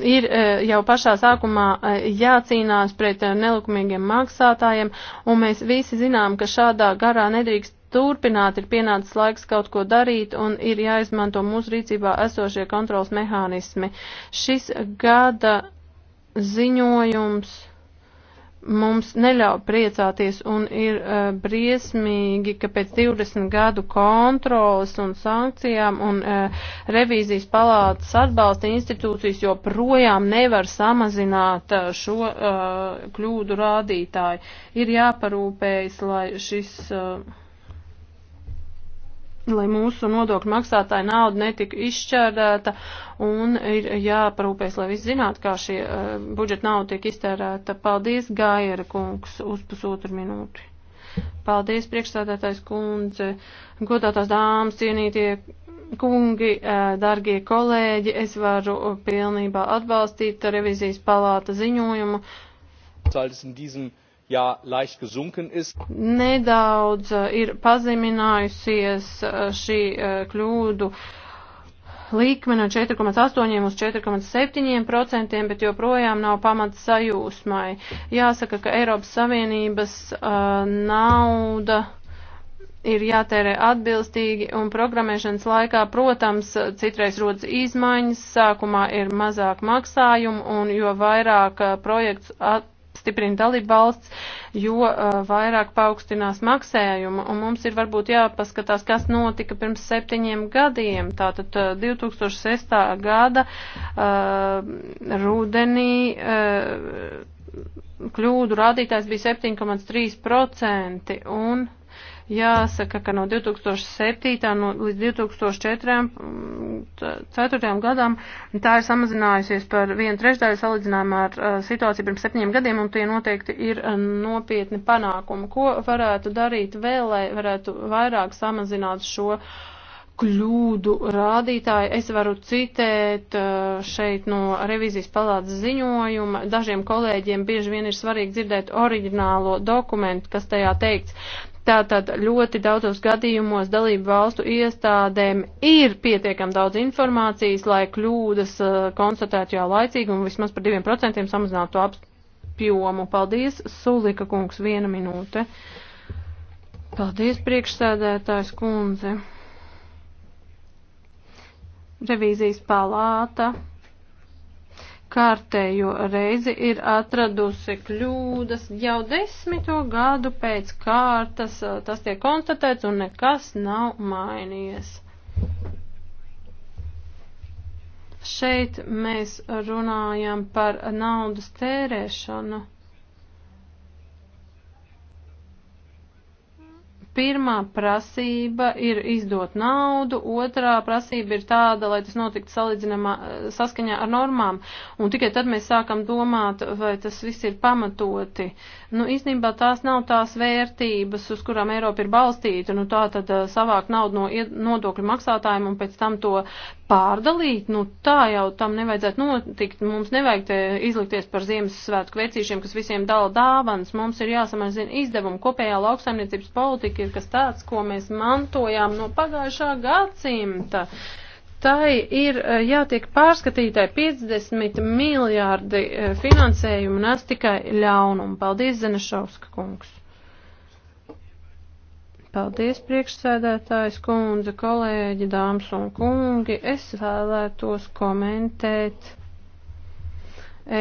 ir uh, jau pašā sākumā uh, jācīnās pret uh, nelikumīgiem maksātājiem, un mēs visi zinām, ka šādā garā nedrīkst turpināt, ir pienācis laiks kaut ko darīt, un ir jāizmanto mūsu rīcībā esošie kontrols mehānismi. Šis gada ziņojums mums neļauj priecāties un ir uh, briesmīgi, ka pēc 20 gadu kontrolas un sankcijām un uh, revīzijas palātas atbalsta institūcijas joprojām nevar samazināt uh, šo uh, kļūdu rādītāju. Ir jāparūpējas, lai šis. Uh, lai mūsu nodokļu maksātāja nauda netika izšķērdēta un ir jāparūpēs, lai viss zinātu, kā šie uh, budžeta nauda tiek iztērēta. Paldies, Gājera kungs, uz pusotru minūti. Paldies, priekšstādātais kundze, godātās dāmas, cienītie kungi, uh, dargie kolēģi, es varu pilnībā atbalstīt revizijas palāta ziņojumu. Zahlt es in diesem ja leicht gesunken ist. Nedaudz uh, ir pazeminājusies uh, šī uh, kļūdu likme no 4,8 uz 4,7%, bet joprojām nav pamats sajūsmai. Jāsaka, ka Eiropas Savienības uh, nauda ir jātērē atbilstīgi, un programmēšanas laikā, protams, citreiz rodas izmaiņas, sākumā ir mazāk maksājumu, un jo vairāk projekts at stiprina dalību valsts, jo uh, vairāk paaugstinās maksējumu. Un mums ir varbūt jāpaskatās, kas notika pirms septiņiem gadiem. Tātad uh, 2006. gada uh, rudenī. Uh, Kļūdu rādītājs bija 7,3% un Jāsaka, ka no 2007. No, līdz 2004. Mm, gadam tā ir samazinājusies par vienu trešdaļu salīdzinājumā ar uh, situāciju pirms septiņiem gadiem, un tie noteikti ir uh, nopietni panākumi. Ko varētu darīt vēl, lai varētu vairāk samazināt šo kļūdu rādītāji. Es varu citēt uh, šeit no revizijas palātas ziņojuma. Dažiem kolēģiem bieži vien ir svarīgi dzirdēt oriģinālo dokumentu, kas tajā teikts. Tātad ļoti daudzos gadījumos dalību valstu iestādēm ir pietiekam daudz informācijas, lai kļūdas uh, konstatētu jau laicīgi un vismaz par 2% samazinātu apjomu. Paldies, Sulika kungs, viena minūte. Paldies, priekšsēdētājs kundze. Revīzijas palāta kārtējo reizi ir atradusi kļūdas jau desmito gadu pēc kārtas, tas tiek konstatēts un nekas nav mainījies. Šeit mēs runājam par naudas tērēšanu. Pirmā prasība ir izdot naudu, otrā prasība ir tāda, lai tas notiktu saskaņā ar normām, un tikai tad mēs sākam domāt, vai tas viss ir pamatoti. Nu, īstenībā tās nav tās vērtības, uz kurām Eiropa ir balstīta, nu tā tad eh, savākt naudu no nodokļu maksātājiem un pēc tam to pārdalīt, nu tā jau tam nevajadzētu notikt. Mums nevajag te izlikties par Ziemassvētku vecīšiem, kas visiem dala dāvanas. Mums ir jāsamazina izdevumi. Kopējā lauksaimniecības politika ir kas tāds, ko mēs mantojām no pagājušā gadsimta. Tai ir e, jātiek pārskatītai 50 miljārdi e, finansējumu, nes tikai ļaunumu. Paldies, Zenešovska kungs. Paldies, priekšsēdētājs kundze, kolēģi, dāmas un kungi. Es vēlētos komentēt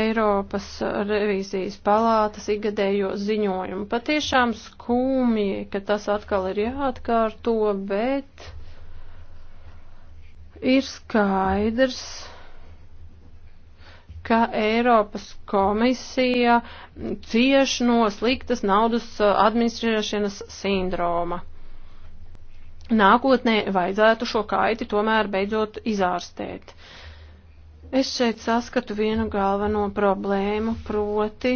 Eiropas revīzijas palātas igadējo ziņojumu. Patiešām skumji, ka tas atkal ir jāatkārto, bet ir skaidrs ka Eiropas komisija cieš no sliktas naudas uh, administrēšanas sindroma. Nākotnē vajadzētu šo kaiti tomēr beidzot izārstēt. Es šeit saskatu vienu galveno problēmu, proti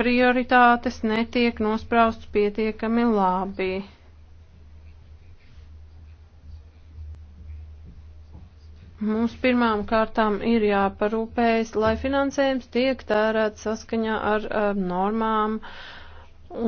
prioritātes netiek nospraustas pietiekami labi. Mums pirmām kārtām ir jāparūpējas, lai finansējums tiek tērēts saskaņā ar, ar normām,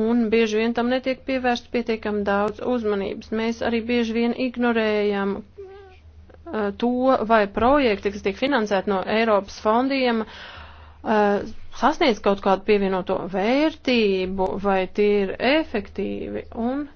un bieži vien tam netiek pievērst pietiekam daudz uzmanības. Mēs arī bieži vien ignorējam uh, to, vai projekti, kas tiek finansēti no Eiropas fondiem, uh, sasniedz kaut kādu pievienoto vērtību, vai tie ir efektīvi. Un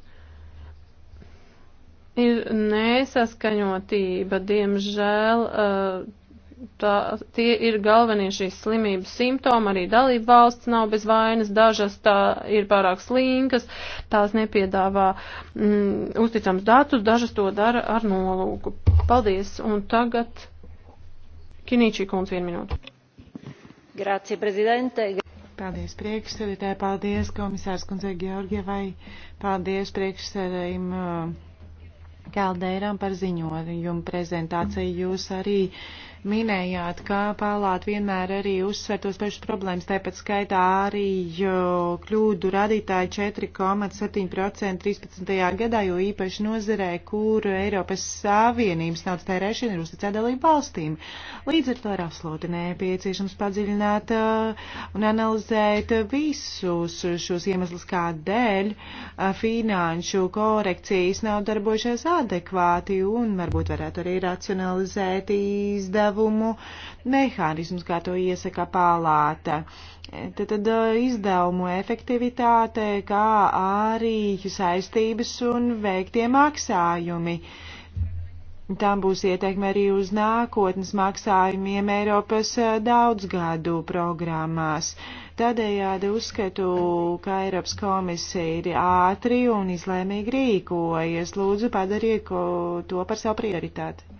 ir nesaskaņotība, diemžēl. Uh, tā, tie ir galvenie šīs slimības simptomi, arī dalība valsts nav bez vainas, dažas tā ir pārāk slinkas, tās nepiedāvā mm, uzticams datus, dažas to dara ar nolūku. Paldies, un tagad Kinīčī kundze vienu minūtu. Grācija, prezidente. Paldies priekšsēdētāji, paldies komisārs kundzei Georgievai, paldies priekšsēdējiem. Uh, Keldeiram par ziņojumu prezentāciju. Jūs arī uh, minējāt, ka palāta vienmēr arī uzsver tos pašus problēmas, tāpat skaitā arī kļūdu radītāji 4,7% 13. gadā, jo īpaši nozerē, kur Eiropas Savienības naudas tērēšana ir uzticēta dalību valstīm. Līdz ar to ir absolūti nepieciešams padziļināt uh, un analizēt visus šos iemeslus, kādēļ uh, finanšu korekcijas nav darbojušies adekvāti un varbūt varētu arī racionalizēt izdevumu izdevumu mehānismus, kā to iesaka palāta. Tad, tad eh, izdevumu efektivitāte, kā arī saistības un veiktie maksājumi. Tam būs ietekme arī uz nākotnes maksājumiem Eiropas eh, daudzgadu programmās. Tādējādi uzskatu, ka Eiropas komisija ir ātri un izlēmīgi rīkojas. Lūdzu, padariet to par savu prioritāti.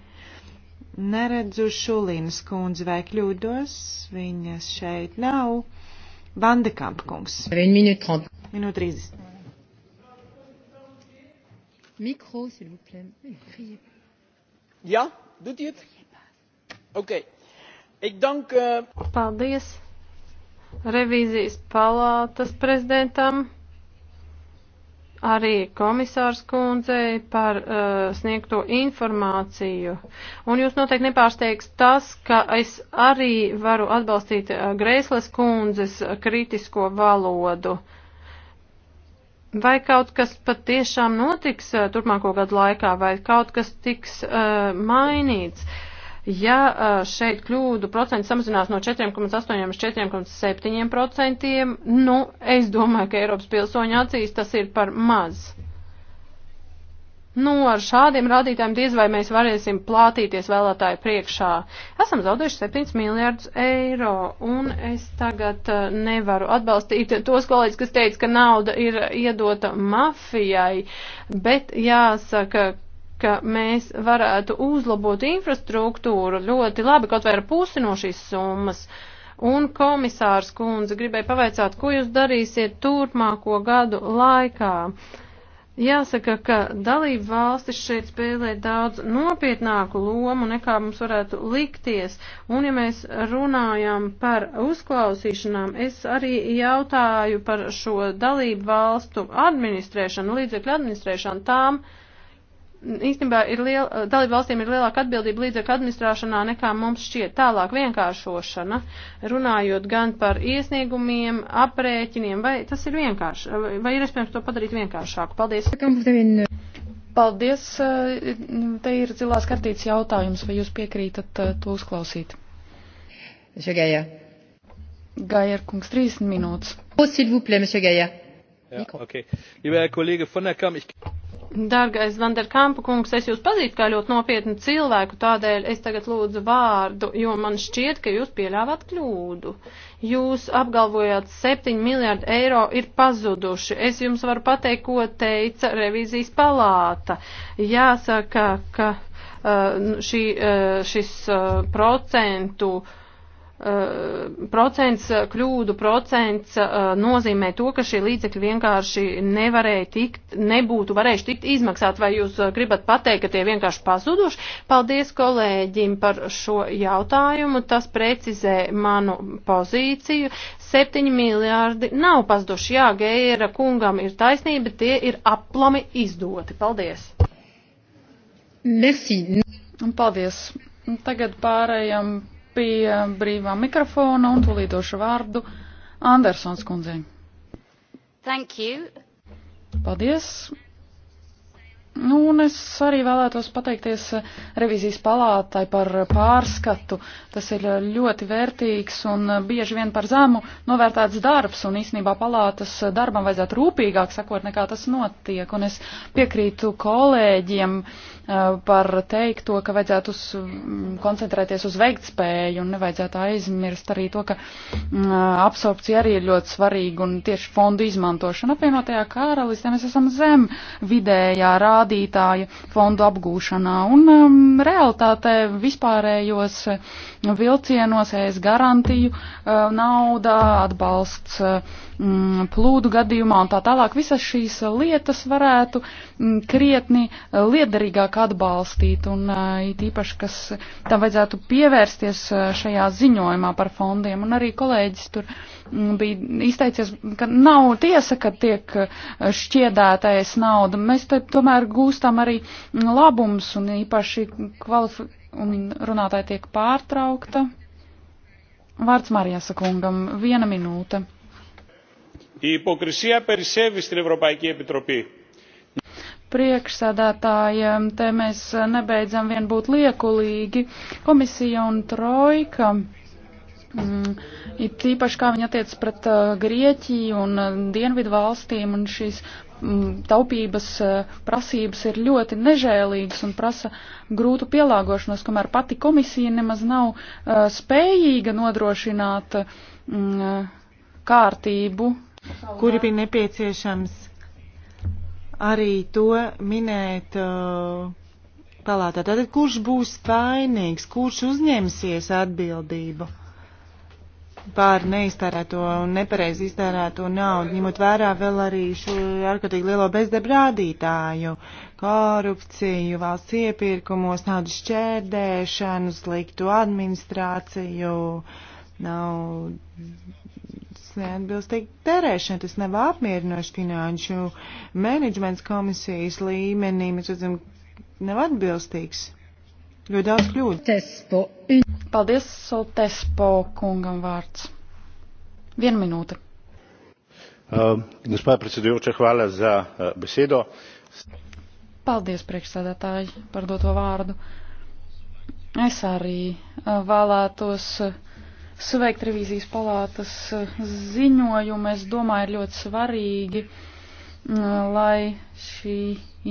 Neredzu Šulīnas kundzi vai kļūdos, viņas šeit nav. Vandekamp kungs. Minūte 30. Mikro, s'il vous plaît. Criez. Ja, doet u het? Oké. Okay. Ik dank. Uh... Paldies. Revīzijas palātas prezidentam arī komisārs kundzei par uh, sniegto informāciju. Un jūs noteikti nepārsteigs tas, ka es arī varu atbalstīt uh, Grēsles kundzes kritisko valodu. Vai kaut kas patiešām notiks uh, turpmāko gadu laikā, vai kaut kas tiks uh, mainīts? Uh, Ja šeit kļūdu procents samazinās no 4,8 līdz 4,7%, nu, es domāju, ka Eiropas pilsoņu acīs tas ir par maz. Nu, ar šādiem rādītājiem diez vai mēs varēsim plātīties vēlētāju priekšā. Esam zaudējuši 7 miljārdus eiro, un es tagad nevaru atbalstīt tos kolēģis, kas teica, ka nauda ir iedota mafijai, bet jāsaka, ka mēs varētu uzlabot infrastruktūru ļoti labi, kaut vai ar pusi no šīs summas. Un komisārs kundze gribēja pavaicāt, ko jūs darīsiet turpmāko gadu laikā. Jāsaka, ka dalību valstis šeit spēlē daudz nopietnāku lomu nekā mums varētu likties. Un ja mēs runājam par uzklausīšanām, es arī jautāju par šo dalību valstu administrēšanu, līdzekļu administrēšanu tām, uh, īstenībā ir liela, dalību valstīm ir lielāka atbildība līdzekļu administrāšanā nekā mums šķiet tālāk vienkāršošana, runājot gan par iesniegumiem, aprēķiniem, vai tas ir vienkārši, vai ir iespējams to padarīt vienkāršāku. Paldies. Paldies, te ir zilās kartītes jautājums, vai jūs piekrītat eh, to uzklausīt? Gaja. Gaja, kungs, 30 minūtes. Oh, s'il vous plaît, monsieur Gaja. Ja, okay. Lieber Herr Kollege von der Kamm, ich... Dargais Vanderkampa kungs, es jūs pazīstu kā ļoti nopietnu cilvēku, tādēļ es tagad lūdzu vārdu, jo man šķiet, ka jūs pieļāvāt kļūdu. Jūs apgalvojāt, 7 miljārdi eiro ir pazuduši. Es jums varu pateikt, ko teica revīzijas palāta. Jāsaka, ka uh, šī, uh, šis uh, procentu Eh, procents, eh, kļūdu procents eh, nozīmē to, ka šie līdzekļi vienkārši nevarēja tikt, nebūtu varējuši tikt izmaksāt, vai jūs gribat pateikt, ka tie vienkārši pazuduši. Paldies kolēģim par šo jautājumu, tas precizē manu pozīciju. 7 miljārdi nav pazuduši, jā, Geira kungam ir taisnība, tie ir aplami izdoti. Paldies! Merci. Paldies! Tagad pārējām pie brīvā mikrofona un tūlītošu vārdu Andersons kundzei. Thank you. Paldies. Nu, un es arī vēlētos pateikties revizijas palātai par pārskatu. Tas ir ļoti vērtīgs un bieži vien par zemu novērtēts darbs, un īstenībā palātas darbam vajadzētu rūpīgāk sakot, nekā tas notiek. Un es piekrītu kolēģiem eh, par teikto, ka vajadzētu uz, mm, koncentrēties uz veiktspēju un nevajadzētu aizmirst arī to, ka mm, absorpcija arī ir ļoti svarīga un tieši fondu izmantošana. Apvienotajā karalistē mēs esam zem vidējā rāda vadītāja fondu apgūšanā. Un um, realitātē vispārējos vilcienos es garantiju uh, nauda, atbalsts um, plūdu gadījumā un tā tālāk. Visas šīs lietas varētu um, krietni uh, liederīgāk atbalstīt un uh, it īpaši, kas tam vajadzētu pievērsties uh, šajā ziņojumā par fondiem. Un arī kolēģis tur. Uh, Mm, bija izteicies, ka nav tiesa, ka tiek eh, šķiedētais nauda. Mēs te tomēr gūstam arī labums un īpaši kvalifi... un runātāji tiek pārtraukta. Vārds Marijas kungam, viena minūte. Υποκρισία περισσεύει στην Ευρωπαϊκή Επιτροπή priekšsādātājiem, te mēs nebeidzam vien būt liekulīgi. Komisija un trojka Mm, it īpaši kā viņi attiec pret uh, Grieķiju un uh, Dienvidu valstīm, un šīs mm, taupības uh, prasības ir ļoti nežēlīgas un prasa grūtu pielāgošanos, kamēr pati komisija nemaz nav uh, spējīga nodrošināt mm, uh, kārtību. Kuri bija nepieciešams arī to minēt. Uh palātā. Tātad kurš būs vainīgs, kurš uzņemsies atbildību? pār neiztērēto un nepareizi iztērēto naudu, ņemot vērā vēl arī šo ārkārtīgi lielo bezdarba rādītāju, korupciju, valsts iepirkumos, naudas šķērdēšanu, sliktu administrāciju, nav neatbilstīgi tērēšana, tas nav apmierinoši finanšu menedžments komisijas līmenī, mēs redzam, nav atbilstīgs. Ļoti daudz kļūdu. Tespo. Paldies, Soltespo kungam vārds. Viena minūte. Uh, Gospa predsedujoča, hvala za uh, besedo. Paldies, priekšsēdētāji, par doto vārdu. Es arī uh, vēlētos uh, sveikt revīzijas palātas uh, ziņojumu. Es domāju, ir ļoti svarīgi, uh, lai šī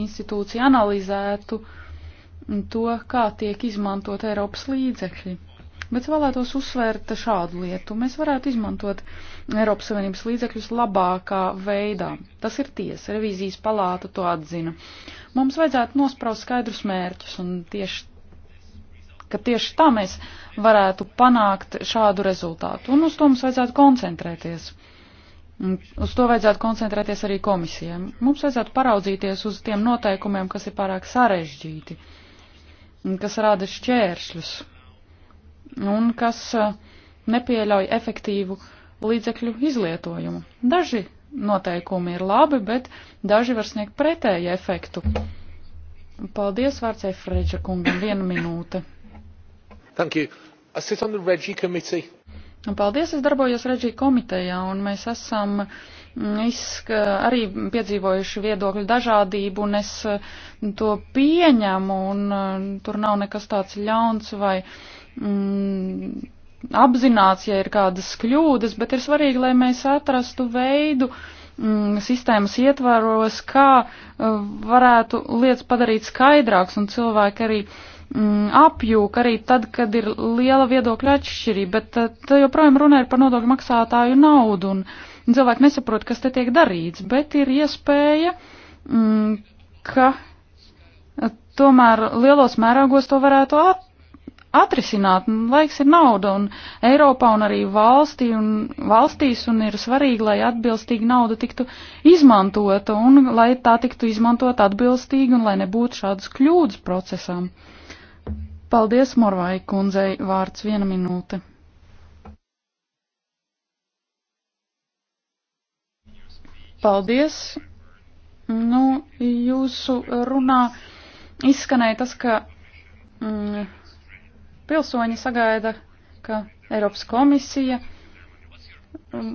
institūcija analizētu uh, to, kā tiek izmantot Eiropas līdzekļi. Bet vēlētos uzsvērt šādu lietu. Mēs varētu izmantot Eiropas Savienības līdzekļus labākā veidā. Tas ir tiesa, revīzijas palāta to atzina. Mums vajadzētu nospraust skaidrus mērķus un tieši ka tieši tā mēs varētu panākt šādu rezultātu. Un uz to mums vajadzētu koncentrēties. Uz to vajadzētu koncentrēties arī komisijai. Mums vajadzētu paraudzīties uz tiem noteikumiem, kas ir pārāk sarežģīti. Uh, kas rada šķēršļus un kas uh, nepieļauj efektīvu līdzekļu izlietojumu. Daži noteikumi ir labi, bet daži var sniegt pretēju efektu. Paldies vārds Efreģa kungam. Viena minūte. Thank you. I sit on the Regi committee. Paldies, es darbojos Reģija komitejā, un mēs esam mm, izsk, arī piedzīvojuši viedokļu dažādību, un es mm, to pieņemu, un mm, tur nav nekas tāds ļauns vai mm, apzināts, ja ir kādas kļūdas, bet ir svarīgi, lai mēs atrastu veidu mm, sistēmas ietvaros, kā varētu lietas padarīt skaidrāks, un cilvēki arī mm, Mm, apjūka arī tad, kad ir liela viedokļa atšķirība, bet eh, te joprojām runa ir par nodokļu maksātāju naudu, un cilvēki nesaprot, kas te tiek darīts, bet ir iespēja, mm, ka eh, tomēr lielos mērogos to varētu at atrisināt. Laiks ir nauda, un Eiropā un arī valstī un valstīs, un ir svarīgi, lai atbilstīgi nauda tiktu izmantota, un lai tā tiktu izmantota atbilstīgi, un lai nebūtu šādas kļūdas procesām. Paldies, Morvai kundzei, vārds viena minūte. Paldies. Nu, jūsu runā izskanēja tas, ka mm, pilsoņi sagaida, ka Eiropas komisija mm,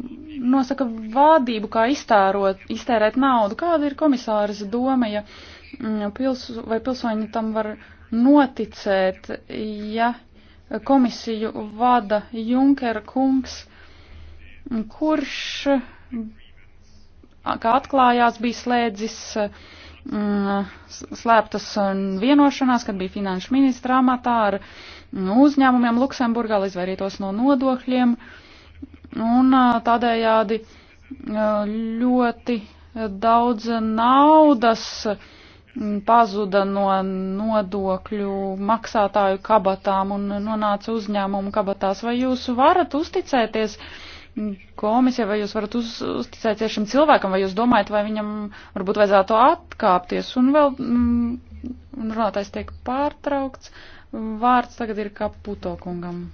nosaka vādību, kā iztērot, iztērēt naudu. Kāda ir komisāras doma, ja mm, pilsu, vai pilsoņi tam var noticēt, ja komisiju vada Junkera kungs, kurš, kā atklājās, bija slēdzis mm, slēptas vienošanās, kad bija finanšu ministra amatā ar mm, uzņēmumiem Luksemburgā, lai izvairītos no nodokļiem. Un tādējādi ļoti daudz naudas uh, pazuda no nodokļu maksātāju kabatām un nonāca uzņēmumu kabatās. Vai jūs varat uzticēties komisijai, vai jūs varat uz, uzticēties šim cilvēkam, vai jūs domājat, vai viņam varbūt vajadzētu atkāpties un vēl, mm, un runātais tiek pārtraukts, vārds tagad ir kā puto kungam.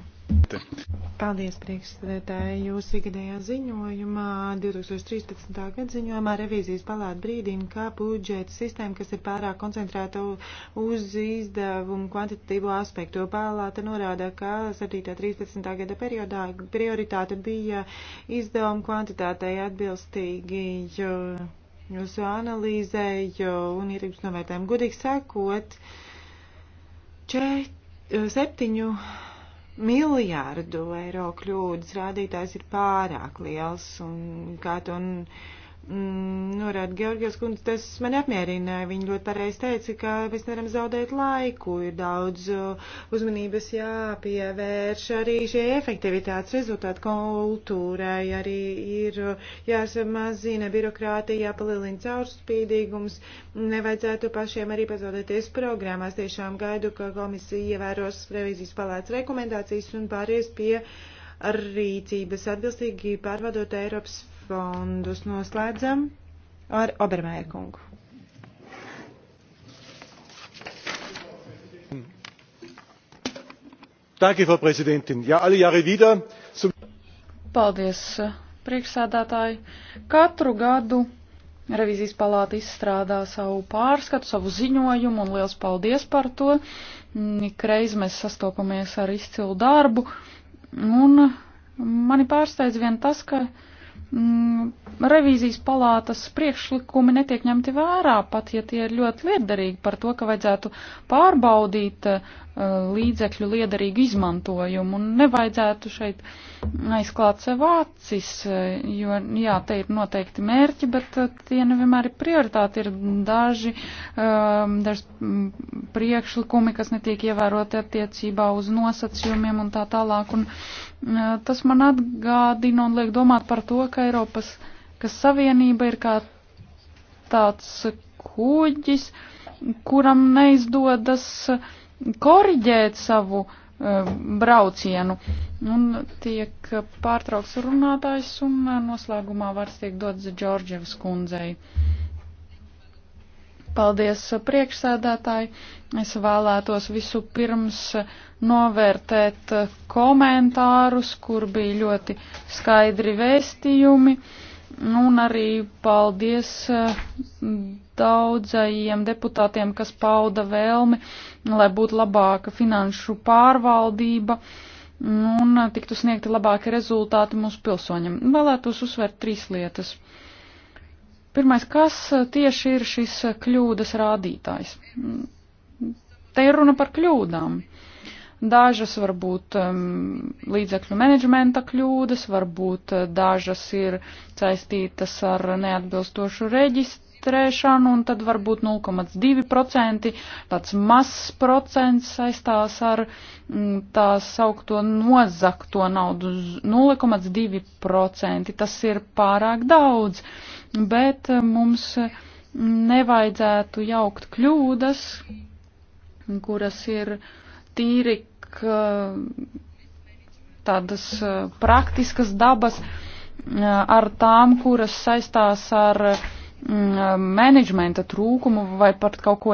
Paldies, priekšsēdētāji. Jūs ikgadējā ziņojumā, 2013. gada ziņojumā, revīzijas palāta brīdina, ka budžeta sistēma, kas ir pārāk koncentrēta uz izdevumu kvantitatīvo aspektu, palāta norāda, ka 7.13. gada periodā prioritāte bija izdevumu kvantitātei atbilstīgi. Jo, jūsu analīzē jo, un ierības novērtējumu. Godīgi sakot, čet, septiņu miljārdu eiro kļūdas rādītājs ir pārāk liels un kā to un Mm, Norāda Georgijas kundze, tas mani apmierināja. Viņa ļoti pareizi teica, ka mēs nevaram zaudēt laiku. Ir daudz uh, uzmanības jāpievērš arī šie efektivitātes rezultātu kultūrai. Arī ir uh, jāsamazina birokrātija, jāpalielina caurspīdīgums. Nevajadzētu pašiem arī pazaudēties programmās. Tiešām gaidu, ka komisija ievēros revizijas palāts rekomendācijas un pāries pie rīcības atbilstīgi pārvadot Eiropas fondus noslēdzam ar Obermēra kungu. Danke, Frau Präsidentin. Ja, alle Jahre wieder. Zum Paldies, priekšsēdētāji. Katru gadu revizijas palāta izstrādā savu pārskatu, savu ziņojumu, un liels paldies par to. Ikreiz mēs sastopamies ar izcilu darbu, un mani pārsteidz vien tas, ka uh, mm, revīzijas palātas priekšlikumi netiek ņemti vērā, pat ja tie ir ļoti liederīgi par to, ka vajadzētu pārbaudīt eh, Uh, līdzekļu liederīgu izmantojumu un nevajadzētu šeit aizklāt sev acis, uh, jo, jā, te ir noteikti mērķi, bet uh, tie nevienmēr ir prioritāti. Ir daži, um, daži mm, priekšlikumi, kas netiek ievēroti attiecībā uz nosacījumiem un tā tālāk. Un tas man atgādina un liek domāt par to, ka Eiropas, ka Savienība ir kā tāds kuģis, kuram neizdodas uh, koriģēt savu uh, braucienu. Un tiek pārtrauks runātājs un noslēgumā vārds tiek dots Džordževas kundzei. Paldies priekšsēdētāji. Es vēlētos visu pirms novērtēt komentārus, kur bija ļoti skaidri vēstījumi. Uh, Nu, un arī paldies eh, daudzajiem deputātiem, kas pauda vēlmi, lai būtu labāka finanšu pārvaldība nu, un eh, tiktu sniegti labāki rezultāti mūsu pilsoņiem. Vēlētos uzsvērt trīs lietas. Pirmais, kas eh, tieši ir šis kļūdas rādītājs? Te ir runa par kļūdām. Dažas varbūt um, līdzekļu menedžmenta kļūdas, varbūt uh, dažas ir saistītas ar neatbilstošu reģistrēšanu, un tad varbūt 0,2% tāds mazs procents saistās ar mm, tā saukto nozakto naudu. 0,2% tas ir pārāk daudz, bet uh, mums nevajadzētu jaukt kļūdas, kuras ir tīri Eh, tādas eh, praktiskas dabas eh, ar tām, kuras saistās ar mm, menedžmenta trūkumu vai pat kaut ko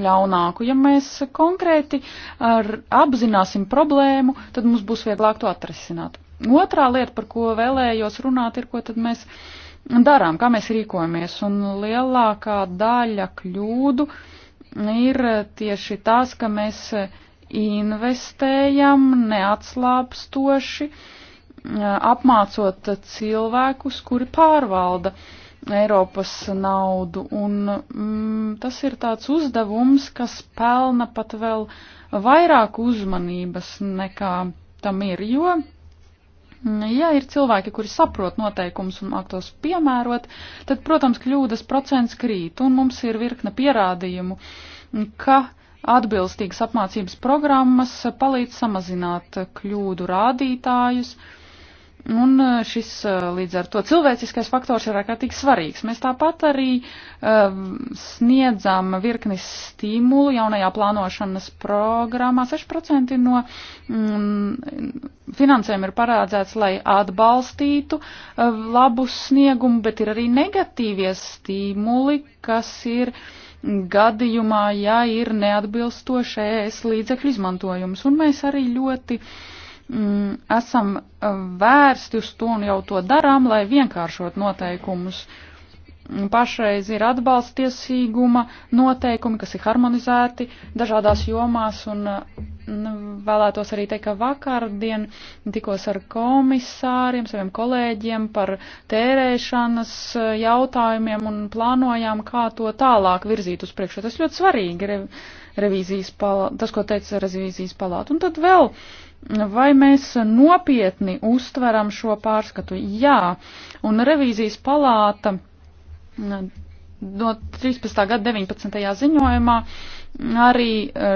ļaunāku. Ja mēs konkrēti ar, apzināsim problēmu, tad mums būs vieglāk to atrisināt. Otrā lieta, par ko vēlējos runāt, ir, ko tad mēs darām, kā mēs rīkojamies. Un lielākā daļa kļūdu ir tieši tās, ka mēs investējam neatslāpstoši, eh, apmācot cilvēkus, kuri pārvalda Eiropas naudu. Un mm, tas ir tāds uzdevums, kas pelna pat vēl vairāk uzmanības nekā tam ir, jo mm, Ja ir cilvēki, kuri saprot noteikumus un māk tos piemērot, tad, protams, kļūdas procents krīt, un mums ir virkne pierādījumu, ka Atbilstīgas apmācības programmas palīdz samazināt kļūdu rādītājus, un e, šis e, līdz ar to cilvēciskais faktors ir ārkārtīgi svarīgs. Mēs tāpat arī uh, sniedzam virknis stimulu jaunajā plānošanas programmā. 6% no mm, finansējuma ir parādzēts, lai atbalstītu uh, labus sniegumu, bet ir arī negatīvie stimuli, kas ir uh, gadījumā, ja ir neatbilstoši ES līdzekļu izmantojums. Un mēs arī ļoti mm, esam eh, vērsti uz to un jau to darām, lai vienkāršot noteikumus. Uh, pašreiz ir atbalsta tiesīguma noteikumi, kas ir harmonizēti dažādās jomās, un nu, vēlētos arī teikt, ka vakardien tikos ar komisāriem, saviem kolēģiem par tērēšanas eh, jautājumiem un plānojām, kā to tālāk virzīt uz priekšu. Tas ļoti svarīgi, re, revīzijas palāta, tas, ko teica revīzijas palāta. Un tad vēl Vai mēs nopietni uztveram šo pārskatu? Jā, un revīzijas palāta Nu, no 13. gada 19. ziņojumā arī e,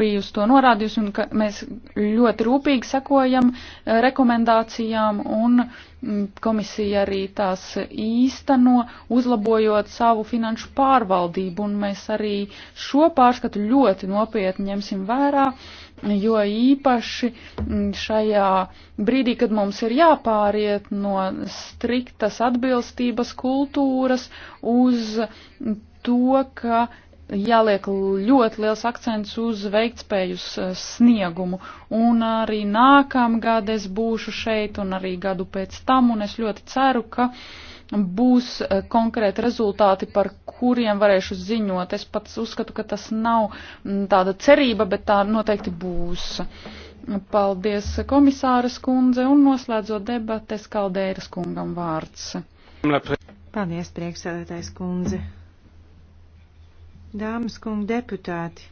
bija uz to norādījusi, un ka mēs ļoti rūpīgi sekojam e, rekomendācijām, un komisija arī tās īsteno, uzlabojot savu finanšu pārvaldību, un mēs arī šo pārskatu ļoti nopietni ņemsim vērā. Uh, jo īpaši mm, šajā brīdī, kad mums ir jāpāriet no striktas atbilstības kultūras uz to, ka jāliek ļoti liels akcents uz veiktspējus sniegumu. Un arī nākamgad es būšu šeit un arī gadu pēc tam, un es ļoti ceru, ka uh, būs eh, konkrēti rezultāti, par kuriem varēšu ziņot. Es pats uzskatu, ka tas nav mm, tāda cerība, bet tā noteikti būs. Paldies komisāras kundze un noslēdzot debates Kaldēras kungam vārds. Paldies, priekšsēdētājs kundze. Dāmas kungi deputāti,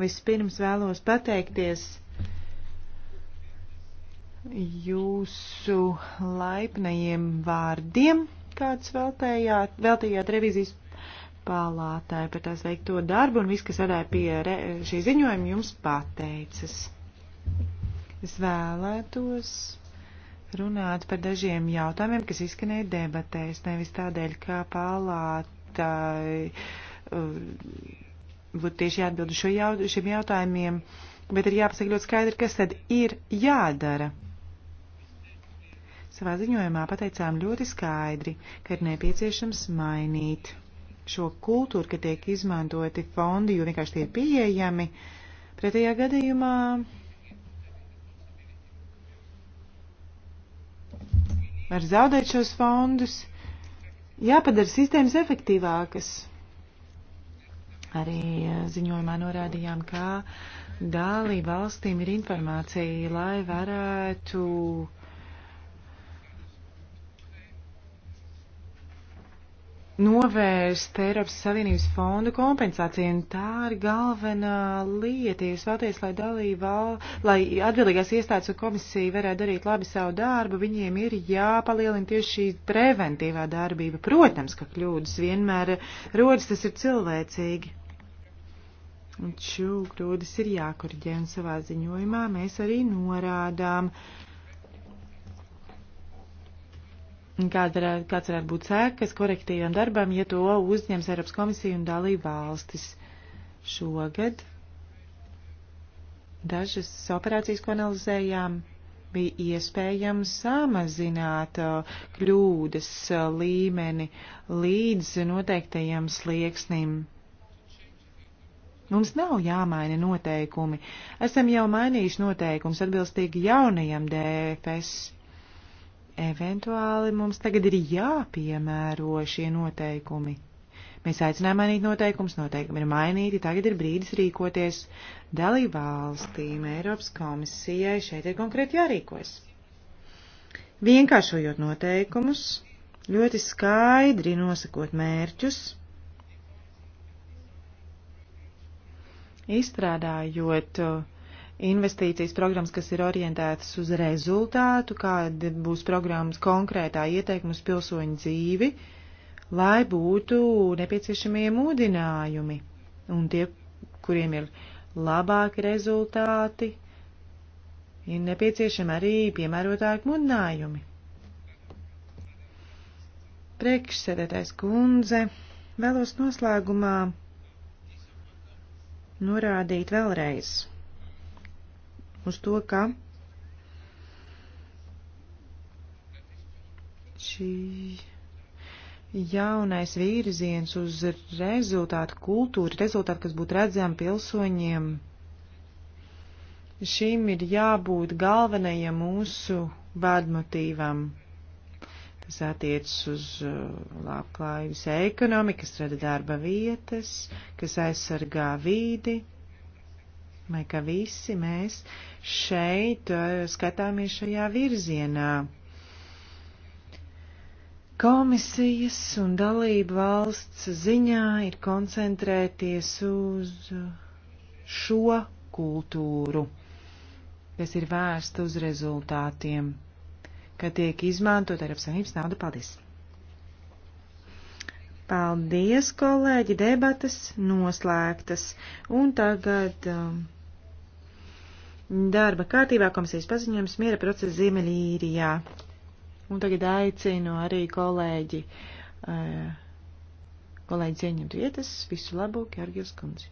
vispirms vēlos pateikties jūsu laipnajiem vārdiem kāds veltējāt, veltījāt revizijas palātai par tās veikto darbu, un viss, kas varēja pie re, šī ziņojuma, jums pateicas. Es vēlētos runāt par dažiem jautājumiem, kas izskanēja debatēs, nevis tādēļ, kā palātai uh, būtu tieši jāatbild uz šo jaut šiem jautājumiem, bet ir jāpasaka ļoti skaidri, kas tad ir jādara. Savā ziņojumā pateicām ļoti skaidri, ka ir nepieciešams mainīt šo kultūru, ka tiek izmantoti fondi, jo vienkārši tie ir pieejami. Pretējā gadījumā var zaudēt šos fondus. Jāpadara sistēmas efektīvākas. Arī eh, ziņojumā norādījām, kā dālī valstīm ir informācija, lai varētu uh, novērst Eiropas Savienības fondu kompensāciju, un tā ir galvenā lieta. Jūs vēlaties, lai dalība, lai atbildīgās iestādes un komisija varētu darīt labi savu darbu, viņiem ir jāpalielina tieši šī preventīvā darbība. Protams, ka kļūdas vienmēr rodas, tas ir cilvēcīgi. Un šū kļūdas ir jākorģē, un savā ziņojumā mēs arī norādām. Uh, Kāda varētu, kāds varētu būt sēkas korektīvam darbam, ja to uzņems Eiropas komisija un dalība valstis šogad? Dažas operācijas, ko analizējām, bija iespējams samazināt uh, kļūdas uh, līmeni līdz noteiktajam slieksnim. Mums nav jāmaina noteikumi. Esam jau mainījuši noteikumus atbilstīgi jaunajam DFS. Eventuāli mums tagad ir jāpiemēro šie noteikumi. Mēs aicinām mainīt noteikumus, noteikumi ir mainīti, tagad ir brīdis rīkoties dalībvalstīm, Eiropas komisijai, šeit ir konkrēti jārīkojas. Vienkāršojot noteikumus, ļoti skaidri nosakot mērķus, izstrādājot uh, investīcijas programmas, kas ir orientētas uz rezultātu, kāda būs programmas konkrētā ieteikuma uz pilsoņu dzīvi, lai būtu nepieciešamie mūdinājumi un tie, kuriem ir labāki rezultāti, ir nepieciešami arī piemērotāki mūdinājumi. Priekšsēdētais kundze vēlos noslēgumā norādīt vēlreiz uz to, ka šī jaunais vīriziens uz rezultātu kultūru, rezultātu, kas būtu redzami pilsoņiem, šim ir jābūt galvenajam mūsu vadmotīvam. Tas attiecas uz uh, labklājības ekonomiku, kas rada darba vietas, kas aizsargā vīdi Vai ka visi mēs šeit uh, skatāmies šajā virzienā? Komisijas un dalību valsts ziņā ir koncentrēties uz uh, šo kultūru, kas ir vērsta uz rezultātiem, ka tiek izmantot Eiropas Savienības nauda. Paldies! Paldies, kolēģi, debatas noslēgtas. Un tagad um, darba kārtībā komisijas paziņojums miera procesa Ziemeļīrijā. Un tagad aicinu arī kolēģi, uh, kolēģi ieņemt vietas. Visu labu, Georgijas kundzi.